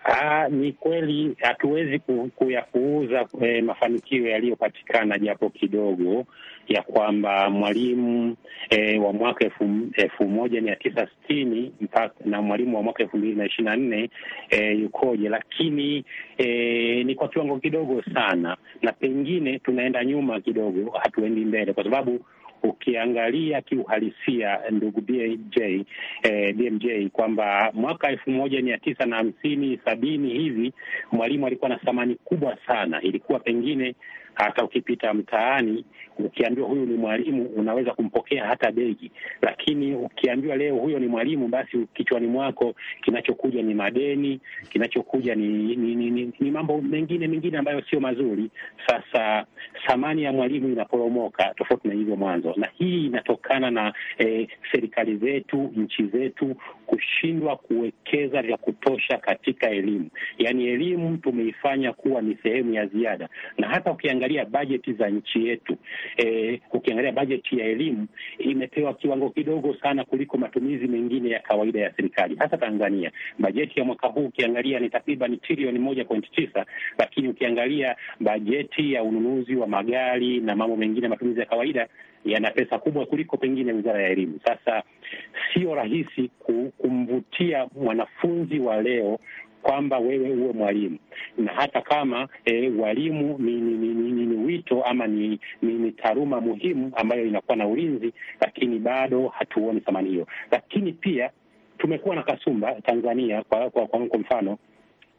Aa, ah, ni kweli hatuwezi kuyapuuza eh, mafanikio yaliyopatikana japo kidogo, ya kwamba mwalimu e, wa mwaka elfu moja mia tisa sitini na mwalimu wa mwaka elfu mbili na ishirini na nne eh, yukoje, lakini e, ni kwa kiwango kidogo sana, na pengine tunaenda nyuma kidogo, hatuendi mbele kwa sababu ukiangalia kiuhalisia, ndugu BJ, eh, BMJ, kwamba mwaka elfu moja mia tisa na hamsini sabini hivi mwalimu alikuwa na thamani kubwa sana, ilikuwa pengine hata ukipita mtaani ukiambiwa huyu ni mwalimu, unaweza kumpokea hata begi, lakini ukiambiwa leo huyo ni mwalimu, basi kichwani mwako kinachokuja ni madeni, kinachokuja ni ni, ni, ni, ni mambo mengine mengine ambayo sio mazuri. Sasa thamani ya mwalimu inaporomoka tofauti na hivyo mwanzo, na hii inatokana na eh, serikali zetu, nchi zetu kushindwa kuwekeza vya kutosha katika elimu. Yaani elimu tumeifanya kuwa ni sehemu ya ziada, na hata ukiangalia bajeti za nchi yetu e, ukiangalia bajeti ya elimu imepewa kiwango kidogo sana kuliko matumizi mengine ya kawaida ya serikali, hasa Tanzania. Bajeti ya mwaka huu ukiangalia ni takriban trilioni moja pointi tisa, lakini ukiangalia bajeti ya ununuzi wa magari na mambo mengine matumizi ya kawaida yana pesa kubwa kuliko pengine wizara ya elimu. Sasa sio rahisi kumvutia mwanafunzi wa leo kwamba wewe uwe mwalimu na hata kama e, walimu ni, ni, ni, ni, ni, ni wito ama ni, ni, ni taaluma muhimu ambayo inakuwa na ulinzi, lakini bado hatuoni thamani hiyo. Lakini pia tumekuwa na kasumba Tanzania kwa, kwa, kwa, kwa mfano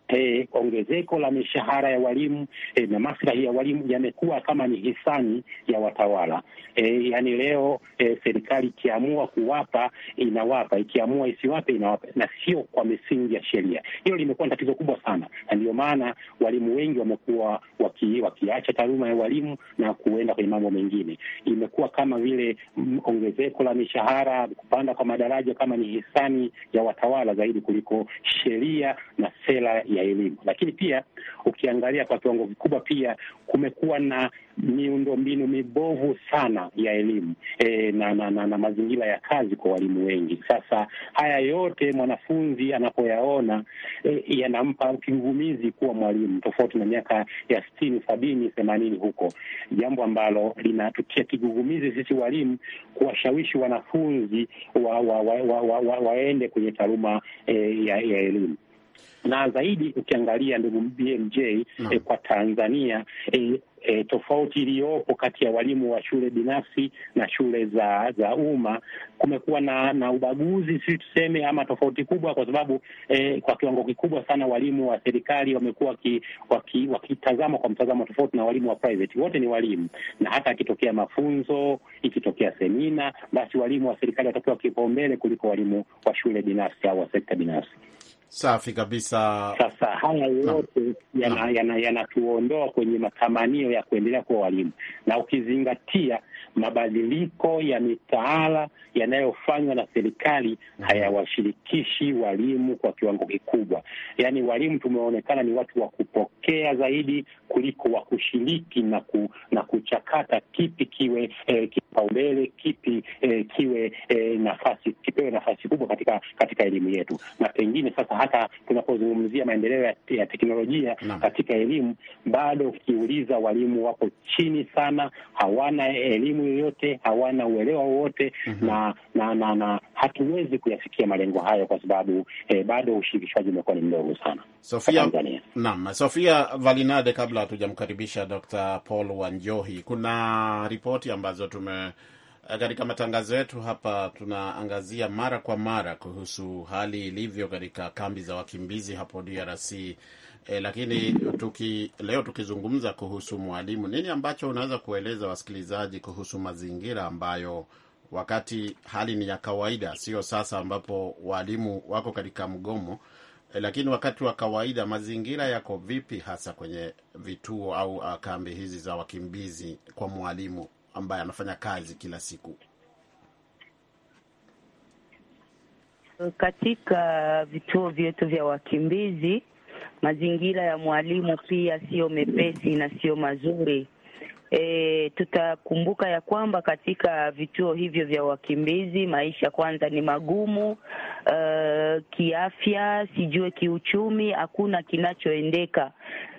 eh, ongezeko la mishahara ya walimu eh, na maslahi ya walimu yamekuwa kama ni hisani ya watawala eh, yani leo eh, serikali ikiamua kuwapa inawapa, ikiamua isiwape inawapa, na sio kwa misingi ya sheria. Hilo limekuwa tatizo kubwa sana, na ndio maana walimu wengi wamekuwa waki, wakiacha taaluma ya walimu na kuenda kwenye mambo mengine. Imekuwa kama vile mm, ongezeko la mishahara, kupanda kwa madaraja kama ni hisani ya watawala zaidi kuliko sheria na sera ya elimu. Lakini pia ukiangalia kwa kiwango kikubwa, pia kumekuwa na miundombinu mibovu sana ya elimu e, na, na, na, na mazingira ya kazi kwa walimu wengi. Sasa haya yote mwanafunzi anapoyaona e, yanampa kigugumizi kuwa mwalimu, tofauti na miaka ya sitini, sabini, themanini huko, jambo ambalo linatutia kigugumizi sisi walimu kuwashawishi wanafunzi wa, wa, wa, wa, wa, wa, waende kwenye taaluma e, ya, ya elimu na zaidi ukiangalia ndugu BMJ no. Eh, kwa Tanzania e, E, tofauti iliyopo kati ya walimu wa shule binafsi na shule za za umma, kumekuwa na na ubaguzi, si tuseme, ama tofauti kubwa, kwa sababu e, kwa kiwango kikubwa sana walimu wa serikali wamekuwa wakitazama waki kwa mtazamo tofauti na walimu wa private. Wote ni walimu, na hata akitokea mafunzo, ikitokea semina, basi walimu wa serikali watapewa kipaumbele kuliko walimu wa shule binafsi au wa sekta binafsi. Safi kabisa. Sasa haya yote yanatuondoa yana, yana kwenye matamanio ya kuendelea kuwa walimu na ukizingatia mabadiliko ya mitaala yanayofanywa na serikali mhm. hayawashirikishi walimu kwa kiwango kikubwa. Yaani walimu tumeonekana ni watu wa kupokea zaidi kuliko wa kushiriki na, ku, na kuchakata kipi kiwe eh, kipaumbele kipi eh, kiwe eh, nafasi kipewe nafasi kubwa katika katika elimu yetu, na pengine sasa hata tunapozungumzia maendeleo ya, ya teknolojia na katika elimu bado ukiuliza walimu wapo chini sana, hawana elimu elimu yoyote, hawana uelewa wowote mm -hmm. na, na, na, na hatuwezi kuyafikia malengo hayo kwa sababu eh, bado ushirikishwaji umekuwa ni mdogo sana Sofia, naam. Sofia Valinade, kabla hatujamkaribisha Dr. Paul Wanjohi, kuna ripoti ambazo tume eh, katika matangazo yetu hapa tunaangazia mara kwa mara kuhusu hali ilivyo katika kambi za wakimbizi hapo DRC E, lakini tuki, leo tukizungumza kuhusu mwalimu, nini ambacho unaweza kueleza wasikilizaji kuhusu mazingira ambayo wakati hali ni ya kawaida, sio sasa ambapo walimu wako katika mgomo e, lakini wakati wa kawaida mazingira yako vipi hasa kwenye vituo au ah, kambi hizi za wakimbizi kwa mwalimu ambaye anafanya kazi kila siku? Katika vituo vyetu vya wakimbizi Mazingira ya mwalimu pia siyo mepesi na sio mazuri. E, tutakumbuka ya kwamba katika vituo hivyo vya wakimbizi maisha kwanza ni magumu, e, kiafya, sijue kiuchumi, hakuna kinachoendeka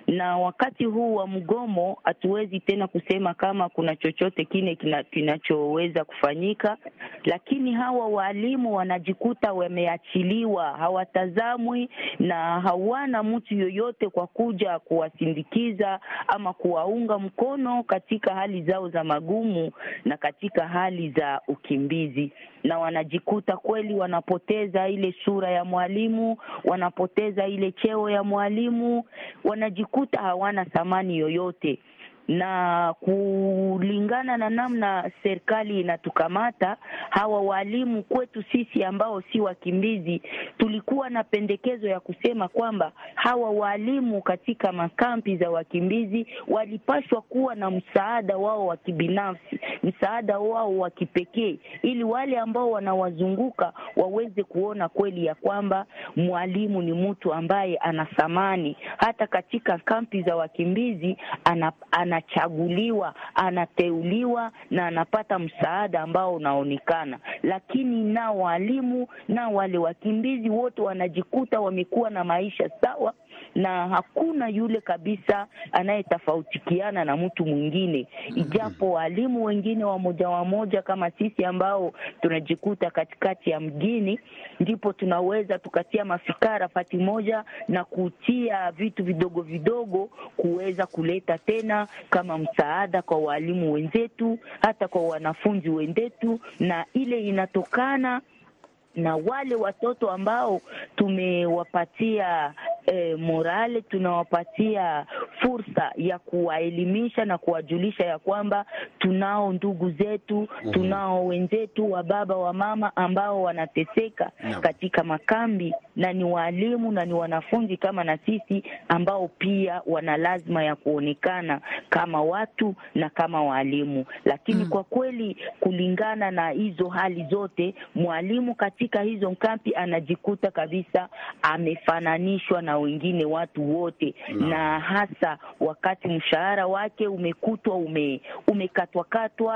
na wakati huu wa mgomo hatuwezi tena kusema kama kuna chochote kine kinachoweza kufanyika, lakini hawa waalimu wanajikuta wameachiliwa, hawatazamwi na hawana mtu yoyote kwa kuja kuwasindikiza ama kuwaunga mkono katika hali zao za magumu na katika hali za ukimbizi, na wanajikuta kweli wanapoteza ile sura ya mwalimu, wanapoteza ile cheo ya mwalimu wa wanajikuta hawana thamani yoyote na kulingana na namna serikali inatukamata hawa walimu kwetu sisi ambao si wakimbizi, tulikuwa na pendekezo ya kusema kwamba hawa walimu katika makampi za wakimbizi walipaswa kuwa na msaada wao wa kibinafsi, msaada wao wa kipekee, ili wale ambao wanawazunguka waweze kuona kweli ya kwamba mwalimu ni mtu ambaye ana thamani hata katika kampi za wakimbizi ana, ana anachaguliwa, anateuliwa na anapata msaada ambao unaonekana, lakini na walimu na wale wakimbizi wote wanajikuta wamekuwa na maisha sawa na hakuna yule kabisa anayetofautikiana na mtu mwingine, ijapo walimu wengine wamoja wamoja kama sisi ambao tunajikuta katikati ya mgini ndipo tunaweza tukatia mafikara pati moja na kutia vitu vidogo vidogo kuweza kuleta tena kama msaada kwa walimu wenzetu, hata kwa wanafunzi wenzetu, na ile inatokana na wale watoto ambao tumewapatia E, morale, tunawapatia fursa ya kuwaelimisha na kuwajulisha ya kwamba tunao ndugu zetu mm -hmm. tunao wenzetu wa baba wa mama ambao wanateseka no. katika makambi na ni waalimu na ni wanafunzi kama na sisi ambao pia wana lazima ya kuonekana kama watu na kama waalimu, lakini mm -hmm. kwa kweli kulingana na hizo hali zote mwalimu katika katika hizo kampi anajikuta kabisa amefananishwa na wengine watu wote no. Na hasa wakati mshahara wake umekutwa ume, umekatwakatwa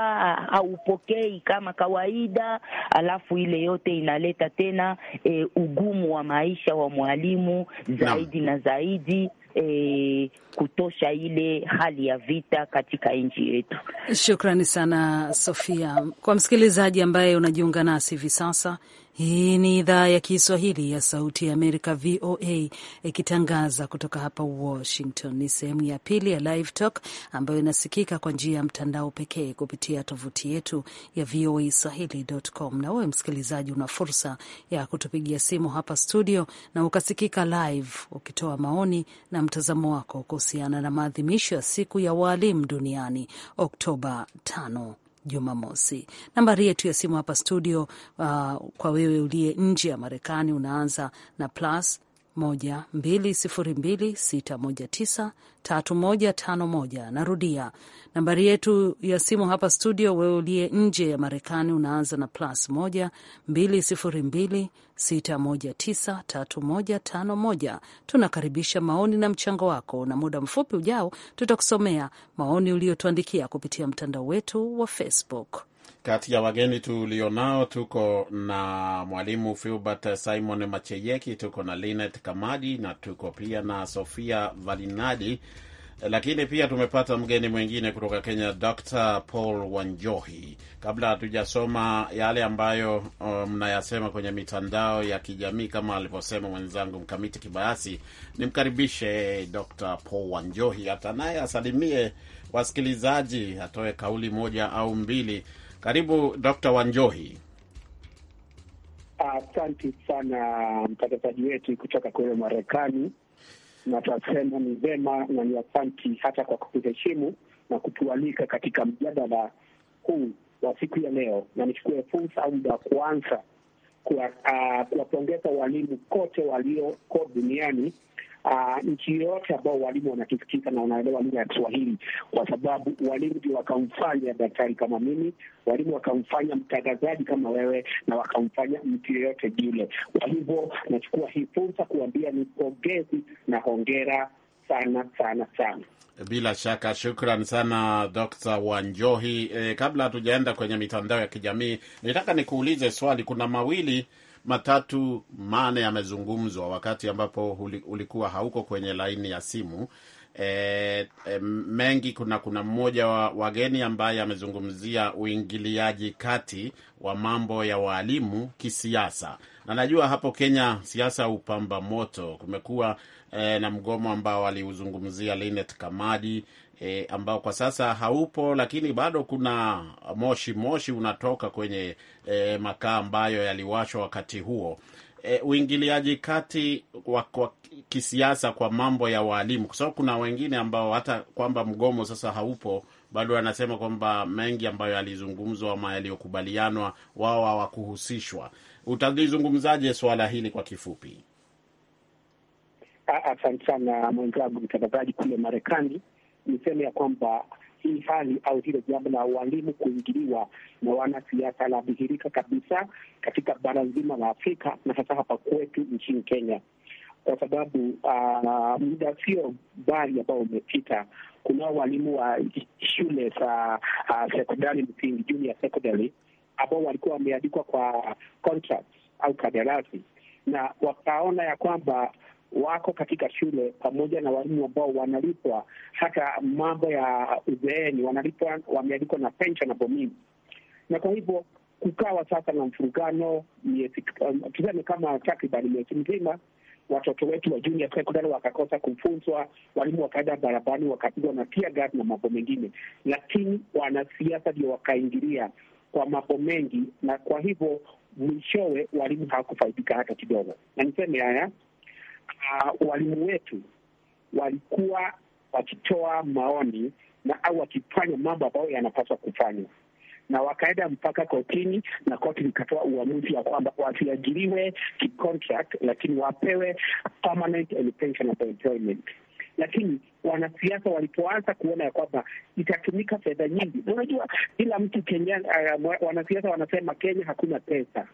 haupokei kama kawaida, alafu ile yote inaleta tena e, ugumu wa maisha wa mwalimu zaidi no. na zaidi E, kutosha ile hali ya vita katika nchi yetu. Shukrani sana Sofia. Kwa msikilizaji ambaye unajiunga nasi hivi sasa, hii ni idhaa ya Kiswahili ya Sauti ya Amerika, VOA, ikitangaza kutoka hapa Washington. Ni sehemu ya pili ya Live Talk ambayo inasikika kwa njia ya mtandao pekee kupitia tovuti yetu ya VOA Swahili.com, na wewe msikilizaji, una fursa ya kutupigia simu hapa studio na ukasikika live ukitoa maoni na mtazamo wako kuhusiana na maadhimisho ya siku ya waalimu duniani Oktoba 5. Jumamosi. Nambari yetu ya simu hapa studio, uh, kwa wewe uliye nje ya Marekani unaanza na plus 12026193151. Narudia nambari yetu ya simu hapa studio, wewe uliye nje ya Marekani unaanza na plus 12026193151. Tunakaribisha maoni na mchango wako, na muda mfupi ujao tutakusomea maoni uliotuandikia kupitia mtandao wetu wa Facebook. Kati ya wageni tulionao tuko na mwalimu Filbert Simon Macheyeki, tuko na Linet Kamadi na tuko pia na Sofia Valinadi, lakini pia tumepata mgeni mwingine kutoka Kenya, Dr Paul Wanjohi. Kabla hatujasoma yale ambayo uh, mnayasema um, kwenye mitandao ya kijamii kama alivyosema mwenzangu Mkamiti Kibayasi, nimkaribishe Dr Paul Wanjohi hata naye asalimie wasikilizaji, atoe kauli moja au mbili karibu Dr. Wanjohi. Asante uh, sana mtangazaji wetu kutoka kule Marekani, na tunasema ni vema na ni asanti hata kwa kutuheshimu na kutualika katika mjadala huu wa siku ya leo, na nichukue fursa au muda wa kuanza ah, kuwapongeza uh, walimu kote walioko duniani Ah, nchi yoyote ambao walimu wanatusikika na wanaelewa lugha ya Kiswahili, kwa sababu walimu ndio wakamfanya daktari kama mimi, walimu wakamfanya mtangazaji kama wewe, na wakamfanya mtu yeyote yule. Kwa hivyo nachukua hii fursa kuambia ni pongezi na hongera sana sana sana. Bila shaka shukran sana Dr. Wanjohi. E, kabla hatujaenda kwenye mitandao ya kijamii, nitaka nikuulize swali. Kuna mawili matatu mane yamezungumzwa wakati ambapo ulikuwa hauko kwenye laini ya simu. E, e, mengi kuna kuna mmoja wa wageni ambaye amezungumzia uingiliaji kati wa mambo ya waalimu kisiasa, na najua hapo Kenya siasa upamba moto. Kumekuwa e, na mgomo ambao aliuzungumzia Linet Kamadi e, ambao kwa sasa haupo, lakini bado kuna moshi moshi unatoka kwenye e, makaa ambayo yaliwashwa wakati huo. E, uingiliaji kati wa, wa kisiasa kwa mambo ya waalimu, kwa sababu kuna wengine ambao hata kwamba mgomo sasa haupo bado wanasema kwamba mengi ambayo yalizungumzwa ama yaliyokubalianwa wao hawakuhusishwa. Utalizungumzaje suala hili kwa kifupi? Asante sana mwenzangu mtangazaji. Kule Marekani niseme ya kwamba hii hali au hilo jambo la walimu kuingiliwa na wanasiasa anadhihirika kabisa katika bara zima la Afrika na hasa hapa kwetu nchini Kenya, kwa sababu uh, muda sio mbali ambao umepita, kunao walimu wa shule za uh, sekondari msingi, junior secondary, ambao walikuwa wameandikwa kwa contract au kadarasi na wakaona ya kwamba wako katika shule pamoja na walimu ambao wanalipwa, hata mambo ya uzeeni wanalipwa, wameandikwa na pensha hapo na kwa hivyo kukawa sasa na mfurugano um, tuseme kama takriban miezi mzima watoto wetu wa junior secondary wakakosa kufunzwa, walimu wakaenda barabarani wakapigwa na pia gari na mambo mengine, lakini wanasiasa ndio wakaingilia kwa mambo mengi, na kwa hivyo mwishowe walimu hawakufaidika hata kidogo. Na niseme haya uh, walimu wetu walikuwa wakitoa maoni na au wakifanya mambo ambayo yanapaswa kufanywa, na wakaenda mpaka kotini, na koti likatoa uamuzi ya kwamba wasiajiriwe kicontract, lakini wapewe permanent pension employment. Lakini wanasiasa walipoanza kuona ya kwamba itatumika fedha nyingi, unajua kila mtu Kenya, uh, wanasiasa wanasema Kenya hakuna pesa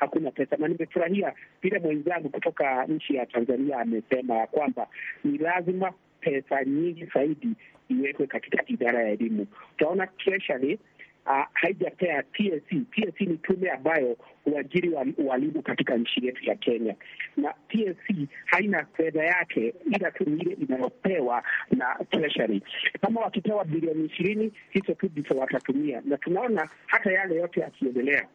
hakuna pesa, na nimefurahia vile mwenzangu kutoka nchi ya Tanzania amesema ya kwamba ni lazima pesa nyingi zaidi iwekwe katika idara ya elimu. Utaona treasury Uh, ah, haijapea TSC. TSC ni tume ambayo huajiri walimu katika nchi yetu ya Kenya, na TSC haina fedha yake, ila tu ile inayopewa na Treasury. Kama wakipewa bilioni ishirini, hizo tu ndizo watatumia, na tunaona hata yale yote yakiendelea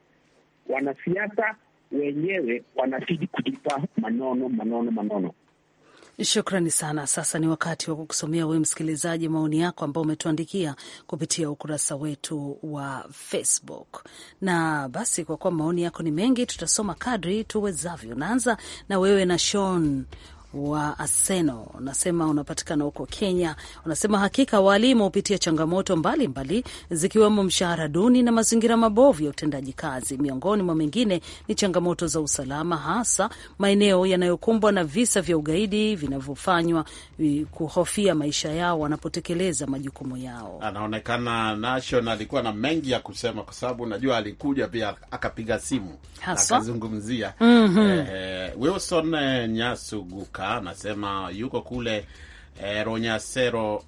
wanasiasa wenyewe wanazidi kujipa manono manono manono. Shukrani sana. Sasa ni wakati wa kukusomea wewe msikilizaji maoni yako ambao umetuandikia kupitia ukurasa wetu wa Facebook. Na basi, kwa kuwa maoni yako ni mengi, tutasoma kadri tuwezavyo. Naanza na wewe na Shon wa Aseno unasema unapatikana huko Kenya. Unasema hakika waalimu hupitia changamoto mbalimbali zikiwemo mshahara duni na mazingira mabovu ya utendaji kazi. Miongoni mwa mengine ni changamoto za usalama, hasa maeneo yanayokumbwa na visa vya ugaidi vinavyofanywa eh, kuhofia maisha yao wanapotekeleza majukumu yao. Anaonekana Nation alikuwa na mengi ya kusema, kwa sababu najua alikuja pia akapiga simu akazungumzia mm -hmm. eh, Wilson eh, Nyasuguka Masaka anasema yuko kule E, Ronyasero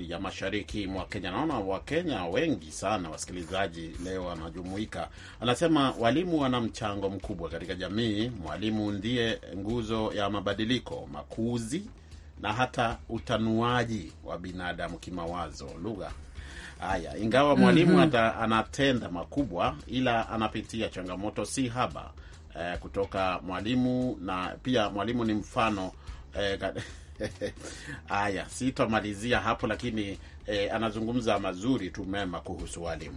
ya mashariki mwa Kenya. Naona Wakenya wengi sana wasikilizaji leo wanajumuika. Anasema walimu wana mchango mkubwa katika jamii. Mwalimu ndiye nguzo ya mabadiliko, makuzi na hata utanuaji wa binadamu kimawazo, lugha haya. Ingawa mwalimu mm -hmm. anatenda makubwa, ila anapitia changamoto si haba e, kutoka mwalimu, na pia mwalimu ni mfano Eh, Haya, sitamalizia hapo lakini eh, anazungumza mazuri tu mema kuhusu walimu.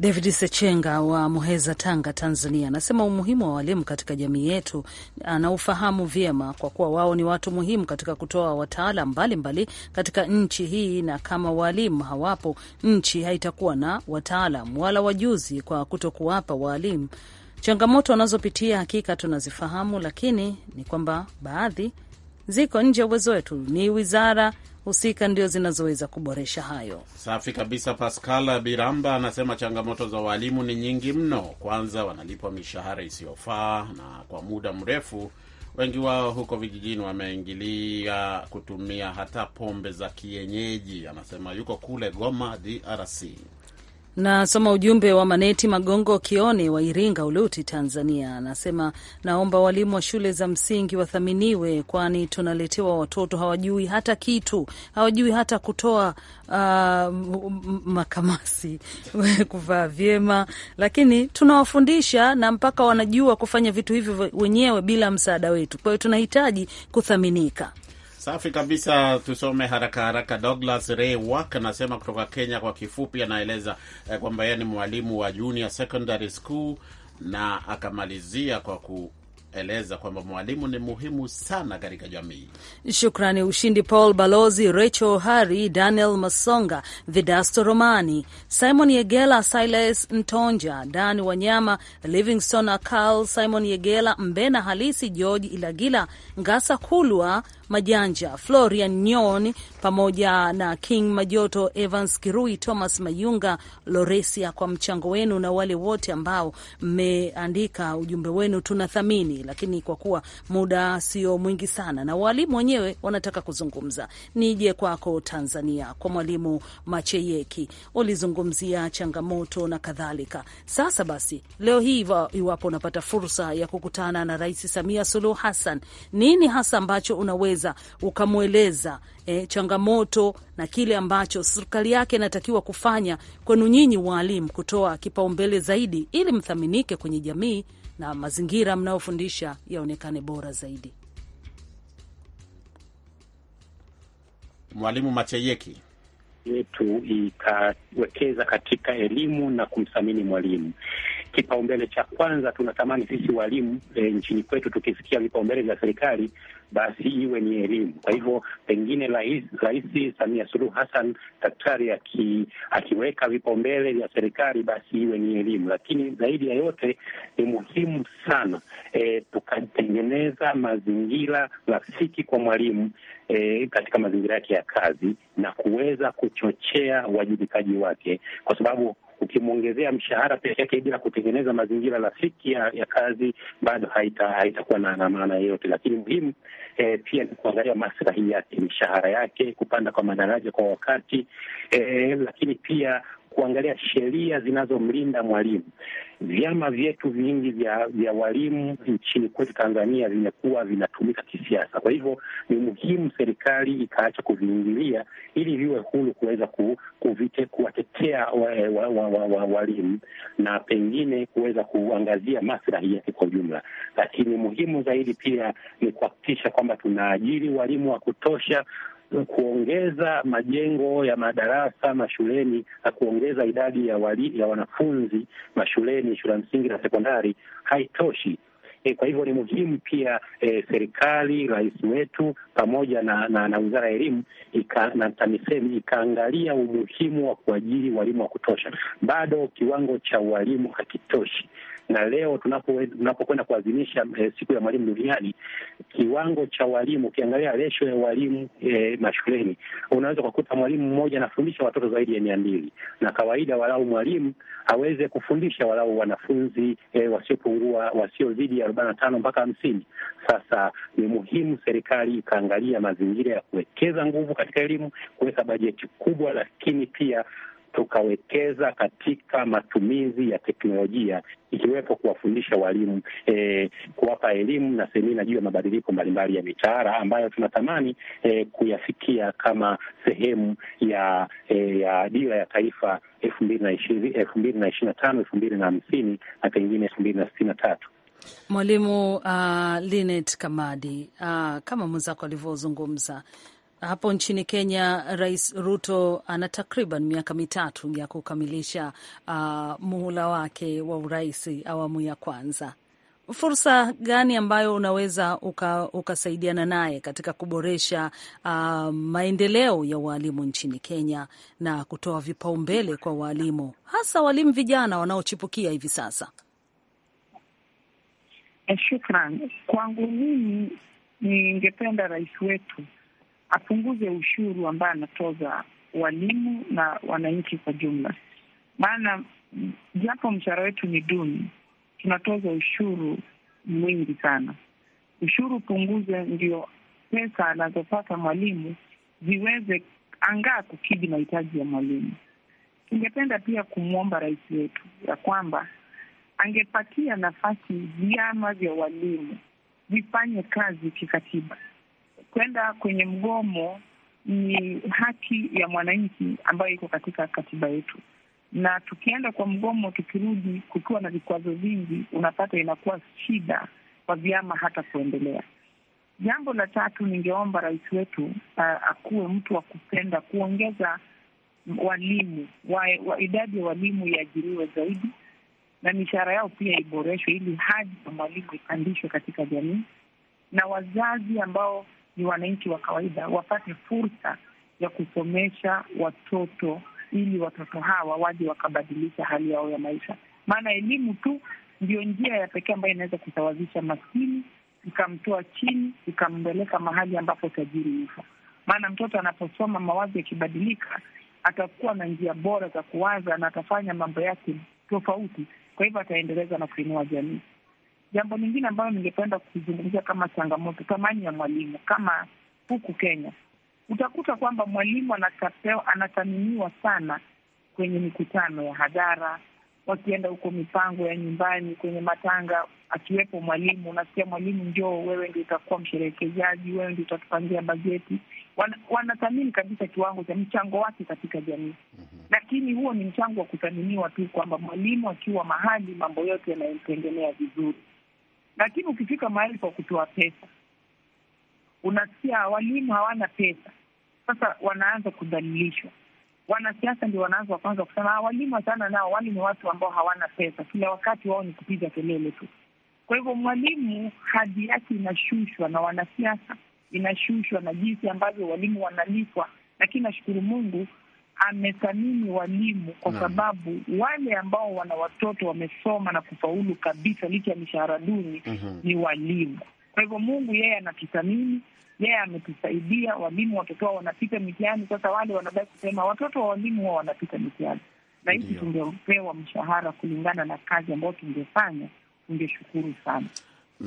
David Sechenga wa Muheza, Tanga, Tanzania, anasema umuhimu wa walimu katika jamii yetu anaufahamu eh, vyema, kwa kuwa wao ni watu muhimu katika kutoa wataalam mbalimbali katika nchi hii, na kama walimu hawapo, nchi haitakuwa na wataalam wala wajuzi. Kwa kutokuwapa walimu, changamoto wanazopitia hakika tunazifahamu, lakini ni kwamba baadhi ziko nje ya uwezo wetu, ni wizara husika ndio zinazoweza kuboresha hayo. Safi kabisa. Pascal Biramba anasema changamoto za walimu ni nyingi mno. Kwanza wanalipwa mishahara isiyofaa na kwa muda mrefu. Wengi wao huko vijijini wameingilia kutumia hata pombe za kienyeji. Anasema yuko kule Goma, DRC. Nasoma ujumbe wa Maneti Magongo Kione wa Iringa Uluti, Tanzania. Anasema naomba walimu wa shule za msingi wathaminiwe, kwani tunaletewa watoto hawajui hata kitu, hawajui hata kutoa uh, makamasi kuvaa vyema, lakini tunawafundisha na mpaka wanajua kufanya vitu hivyo wenyewe bila msaada wetu. Kwa hiyo tunahitaji kuthaminika. Safi kabisa. Tusome haraka haraka. Douglas Ray Wak anasema kutoka Kenya, kwa kifupi anaeleza eh, kwamba yeye ni mwalimu wa junior secondary school na akamalizia kwa ku eleza kwamba mwalimu ni muhimu sana katika jamii. Shukrani ushindi Paul Balozi, Rachel Hari, Daniel Masonga, Vidasto Romani, Simon Yegela, Silas Ntonja, Dan Wanyama, Livingston Akal, Simon Yegela, Mbena Halisi, George Ilagila, Ngasa Kulwa Majanja, Florian Nyon pamoja na King Majoto, Evans Kirui, Thomas Mayunga, Loresia, kwa mchango wenu na wale wote ambao mmeandika ujumbe wenu, tunathamini lakini kwa kuwa muda sio mwingi sana na walimu wenyewe wanataka kuzungumza, nije kwako Tanzania, kwa Mwalimu Macheyeki, ulizungumzia changamoto na kadhalika. Sasa basi, leo hii iwapo unapata fursa ya kukutana na Rais Samia Suluhu Hassan, nini hasa ambacho unaweza ukamweleza E, changamoto na kile ambacho serikali yake inatakiwa kufanya kwenu nyinyi waalimu, kutoa kipaumbele zaidi ili mthaminike kwenye jamii na mazingira mnayofundisha yaonekane bora zaidi. Mwalimu Macheyeki yetu ikawekeza katika elimu na kumthamini mwalimu. Kipaumbele cha kwanza tunatamani sisi walimu e, nchini kwetu tukisikia vipaumbele vya serikali basi iwe ni elimu. Kwa hivyo pengine Rais Samia Suluhu Hassan, daktari aki, akiweka vipaumbele vya serikali, basi iwe ni elimu. Lakini zaidi ya yote ni muhimu sana e, tukatengeneza mazingira rafiki kwa mwalimu e, katika mazingira yake ya kazi na kuweza kuchochea uwajibikaji wake, kwa sababu ukimwongezea mshahara peke yake bila kutengeneza mazingira rafiki ya, ya kazi bado haitakuwa haita na maana yeyote, lakini muhimu e, pia ni kuangalia maslahi yake, mishahara yake, kupanda kwa madaraja kwa wakati e, lakini pia kuangalia sheria zinazomlinda mwalimu. Vyama vyetu vingi vya, vya walimu nchini kwetu Tanzania vimekuwa vinatumika kisiasa. Kwa hivyo ni muhimu serikali ikaacha kuviingilia ili viwe huru kuweza kuvite, kuwatetea walimu wa, wa, wa, wa, na pengine kuweza kuangazia maslahi yake kwa ujumla. Lakini muhimu zaidi pia ni kuhakikisha kwamba tunaajiri walimu wa kutosha kuongeza majengo ya madarasa mashuleni na kuongeza idadi ya wali, ya wanafunzi mashuleni, shule ya msingi na sekondari haitoshi. E, kwa hivyo ni muhimu pia e, serikali, rais wetu pamoja na, na, na wizara ya elimu na TAMISEMI ikaangalia umuhimu wa kuajiri walimu wa kutosha. Bado kiwango cha walimu hakitoshi na leo tunapokwenda kuadhimisha e, siku ya mwalimu duniani, kiwango cha walimu ukiangalia resho ya walimu e, mashuleni unaweza ukakuta mwalimu mmoja anafundisha watoto zaidi ya mia mbili, na kawaida walau mwalimu aweze kufundisha walau wanafunzi e, wasiopungua wasiozidi ya arobaini na tano mpaka hamsini. Sasa ni muhimu serikali ikaangalia mazingira ya kuwekeza nguvu katika elimu, kuweka bajeti kubwa, lakini pia tukawekeza katika matumizi ya teknolojia ikiwepo kuwafundisha walimu e, kuwapa elimu na semina juu ya mabadiliko mbalimbali ya mitaara ambayo tunatamani e, kuyafikia kama sehemu ya e, ya dira ya taifa elfu mbili na ishirini na tano elfu mbili na hamsini na pengine elfu mbili na sitini na tatu. Mwalimu uh, Linet Kamadi, uh, kama mwenzako alivyozungumza hapo nchini Kenya, Rais Ruto ana takriban miaka mitatu ya kukamilisha uh, muhula wake wa urais awamu ya kwanza. Fursa gani ambayo unaweza ukasaidiana naye katika kuboresha uh, maendeleo ya waalimu nchini Kenya na kutoa vipaumbele kwa waalimu, hasa waalimu vijana wanaochipukia hivi sasa? Eh, shukran. Kwangu mimi, ningependa rais wetu apunguze ushuru ambaye anatoza walimu na wananchi kwa jumla, maana japo mshahara wetu ni duni, tunatoza ushuru mwingi sana. Ushuru upunguze, ndio pesa anazopata mwalimu ziweze angaa kukidhi mahitaji ya mwalimu. Tungependa pia kumwomba rais wetu ya kwamba angepatia nafasi vyama vya walimu vifanye kazi kikatiba. Kwenda kwenye mgomo ni haki ya mwananchi ambayo iko katika katiba yetu, na tukienda kwa mgomo, tukirudi kukiwa na vikwazo vingi, unapata inakuwa shida kwa vyama hata kuendelea. Jambo la tatu, ningeomba rais wetu uh, akuwe mtu wa kupenda kuongeza walimu wa, wa idadi ya walimu iajiriwe zaidi na mishahara yao pia iboreshwe, ili hadhi ya mwalimu ipandishwe katika jamii, na wazazi ambao ni wananchi wa kawaida wapate fursa ya kusomesha watoto, ili watoto hawa waje wakabadilisha hali yao ya maisha, maana elimu tu ndio njia ya pekee ambayo inaweza kusawazisha maskini ikamtoa chini ikampeleka mahali ambapo tajiri yupo. Maana mtoto anaposoma, mawazo yakibadilika, atakuwa na njia bora za kuwaza na atafanya mambo yake tofauti kwa hivyo ataendeleza na kuinua jamii. Jambo lingine ambalo ningependa kuzungumzia kama changamoto, thamani ya mwalimu kama huku Kenya, utakuta kwamba mwalimu anathaminiwa sana kwenye mikutano ya hadhara wakienda huko mipango ya nyumbani, kwenye matanga, akiwepo mwalimu, unasikia mwalimu, njoo wewe ndio utakuwa msherekezaji, wewe ndio utatupangia bajeti. Wanathamini wanathamini kabisa kiwango cha mchango wake katika jamii, mhm. lakini huo ni mchango wa kuthaminiwa tu, kwamba mwalimu akiwa mahali mambo yote yanayomtengemea vizuri, lakini ukifika mahali kwa kutoa pesa unasikia walimu hawana pesa. Sasa wanaanza kudhalilishwa wanasiasa ndio wanaanza kwanza kusema ah, walimu watana nao, wale ni watu ambao hawana pesa, kila wakati wao ni kupiga kelele tu. Kwa hivyo mwalimu hadhi yake inashushwa na wanasiasa, inashushwa na jinsi ambavyo walimu wanalipwa, lakini nashukuru Mungu amethamini walimu kwa sababu wale ambao wana watoto wamesoma na kufaulu kabisa licha ya mishahara duni mhm. ni walimu. Kwa hivyo Mungu yeye anatuthamini, yeye ametusaidia. Walimu watoto wao wanapita mitihani. Sasa wale wanadai kusema watoto wa walimu wao wanapita mitihani, na hisi tungepewa mshahara kulingana na kazi ambayo tungefanya, tungeshukuru sana.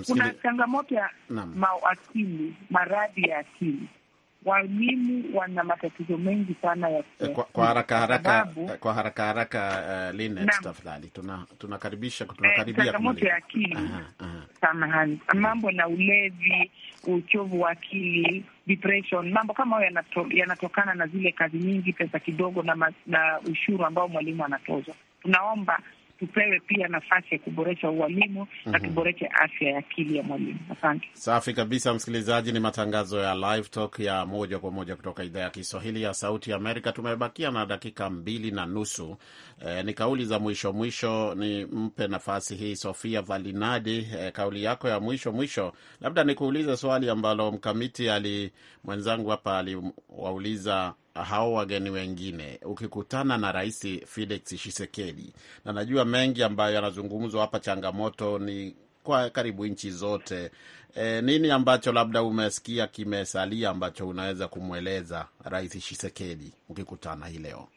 Kuna changamoto ya maakili, maradhi ya akili walimu wana matatizo mengi sana ya eh, kwa, kwa haraka haraka eh, kwa haraka haraka uh, eh, Linet tafadhali, tuna tunakaribisha tunakaribia eh, changamoto ya akili samahani, mambo na ulevi, uchovu wa akili, depression, mambo kama hayo yanato, yanatokana na zile kazi nyingi, pesa kidogo na, na ushuru ambao mwalimu anatozwa. Tunaomba tupewe pia nafasi ya kuboresha ualimu mm -hmm. na mhm. tuboreshe afya ya akili ya mwalimu. Asante. Safi kabisa, msikilizaji. Ni matangazo ya Live Talk ya moja kwa moja kutoka idhaa ya Kiswahili ya Sauti Amerika. Tumebakia na dakika mbili na nusu. E, ni kauli za mwisho mwisho, ni mpe nafasi hii Sofia Valinadi. E, kauli yako ya mwisho mwisho, labda nikuulize swali ambalo mkamiti ali mwenzangu hapa aliwauliza hao wageni wengine, ukikutana na Rais Felix Tshisekedi, na najua mengi ambayo yanazungumzwa hapa, changamoto ni kwa karibu nchi zote. E, nini ambacho labda umesikia kimesalia ambacho unaweza kumweleza Rais Tshisekedi ukikutana hii leo?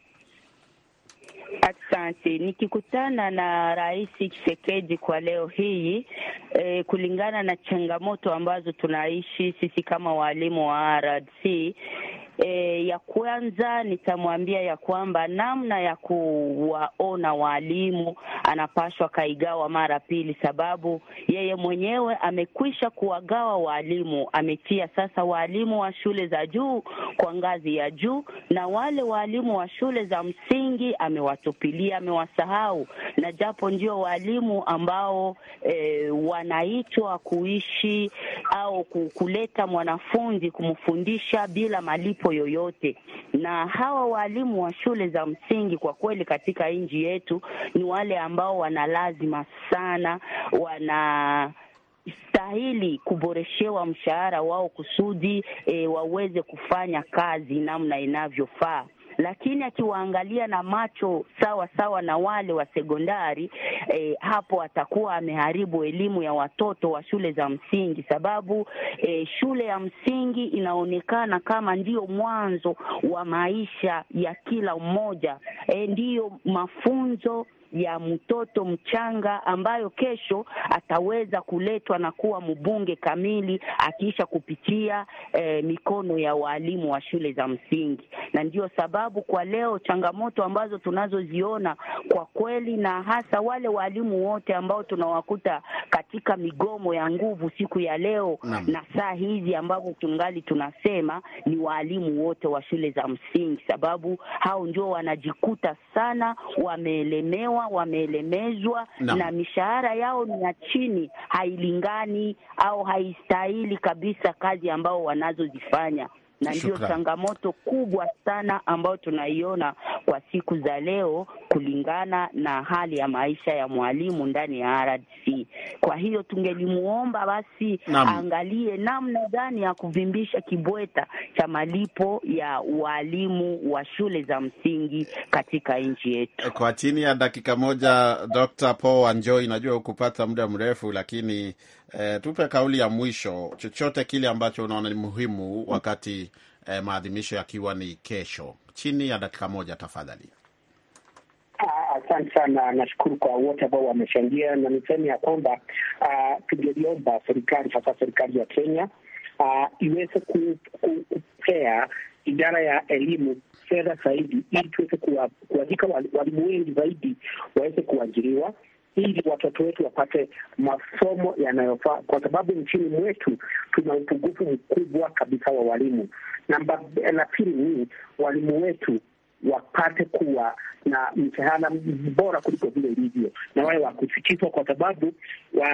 Asante. Nikikutana na Rais Chisekedi kwa leo hii e, kulingana na changamoto ambazo tunaishi sisi kama waalimu wa RDC e, ya kwanza nitamwambia ya kwamba namna ya kuwaona waalimu anapashwa kaigawa mara pili, sababu yeye mwenyewe amekwisha kuwagawa waalimu. Ametia sasa waalimu wa shule za juu kwa ngazi ya juu, na wale waalimu wa shule za msingi amewatupilia, amewasahau, na japo ndio waalimu ambao e, wanaitwa kuishi au kuleta mwanafunzi kumfundisha bila malipo mabadiliko yoyote. Na hawa walimu wa shule za msingi kwa kweli katika nchi yetu ni wale ambao wana lazima sana, wana stahili kuboreshewa mshahara wao kusudi e, waweze kufanya kazi namna inavyofaa lakini akiwaangalia na macho sawa sawa na wale wa sekondari e, hapo atakuwa ameharibu elimu ya watoto wa shule za msingi, sababu e, shule ya msingi inaonekana kama ndiyo mwanzo wa maisha ya kila mmoja e, eh, ndiyo mafunzo ya mtoto mchanga ambayo kesho ataweza kuletwa na kuwa mbunge kamili akiisha kupitia eh, mikono ya waalimu wa shule za msingi. Na ndio sababu kwa leo changamoto ambazo tunazoziona kwa kweli, na hasa wale waalimu wote ambao tunawakuta katika migomo ya nguvu siku ya leo na, na saa hizi ambapo tungali tunasema ni waalimu wote wa shule za msingi, sababu hao ndio wanajikuta sana wameelemewa wameonewa, wameelemezwa na, na mishahara yao ni ya chini, hailingani au haistahili kabisa kazi ambao wanazozifanya na ndio changamoto kubwa sana ambayo tunaiona kwa siku za leo kulingana na hali ya maisha ya mwalimu ndani ya RDC. Kwa hiyo tungelimuomba basi angalie namna gani ya kuvimbisha kibweta cha malipo ya walimu wa shule za msingi katika nchi yetu. Kwa chini ya dakika moja, Dr. Paul Wanjoi, najua hukupata muda mrefu lakini E, tupe kauli ya mwisho, chochote kile ambacho unaona ni muhimu wakati e, maadhimisho yakiwa ni kesho, chini ya dakika moja tafadhali. Ah, asante sana, nashukuru kwa wote ambao wamechangia, na niseme ya kwamba ah, tungeliomba serikali, hasa serikali ya Kenya Uh, iweze kupea idara ya elimu fedha zaidi ili tuweze kuwajika walimu wengi zaidi waweze kuajiriwa ili watoto wetu wapate masomo yanayofaa, kwa sababu nchini mwetu tuna upungufu mkubwa kabisa wa walimu. Namba eh, la pili ni walimu wetu wapate kuwa na mshahara bora kuliko vile ilivyo, na wale wakusikizwa, kwa sababu wa,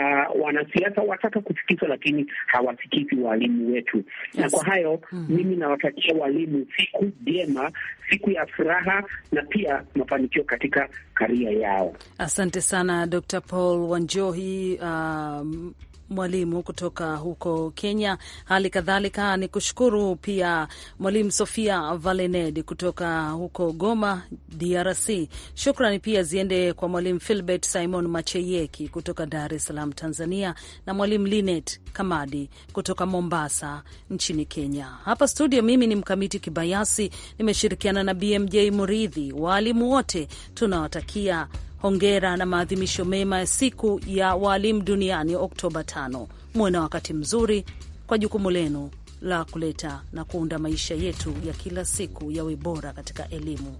wanasiasa wataka kusikizwa, lakini hawasikizi walimu wetu yes. Na kwa hayo mm, mimi nawatakia walimu siku jema siku ya furaha na pia mafanikio katika karia yao. Asante sana Dr. Paul Wanjohi, uh, Mwalimu kutoka huko Kenya. Hali kadhalika ni kushukuru pia Mwalimu Sofia Valened kutoka huko Goma, DRC. Shukrani pia ziende kwa Mwalimu Filbert Simon Macheyeki kutoka Dar es Salaam, Tanzania, na Mwalimu Linet Kamadi kutoka Mombasa nchini Kenya. Hapa studio, mimi ni Mkamiti Kibayasi, nimeshirikiana na BMJ Muridhi. Waalimu wote tunawatakia hongera na maadhimisho mema ya siku ya waalimu duniani Oktoba a Muwe na wakati mzuri kwa jukumu lenu la kuleta na kuunda maisha yetu ya kila siku yawe bora katika elimu.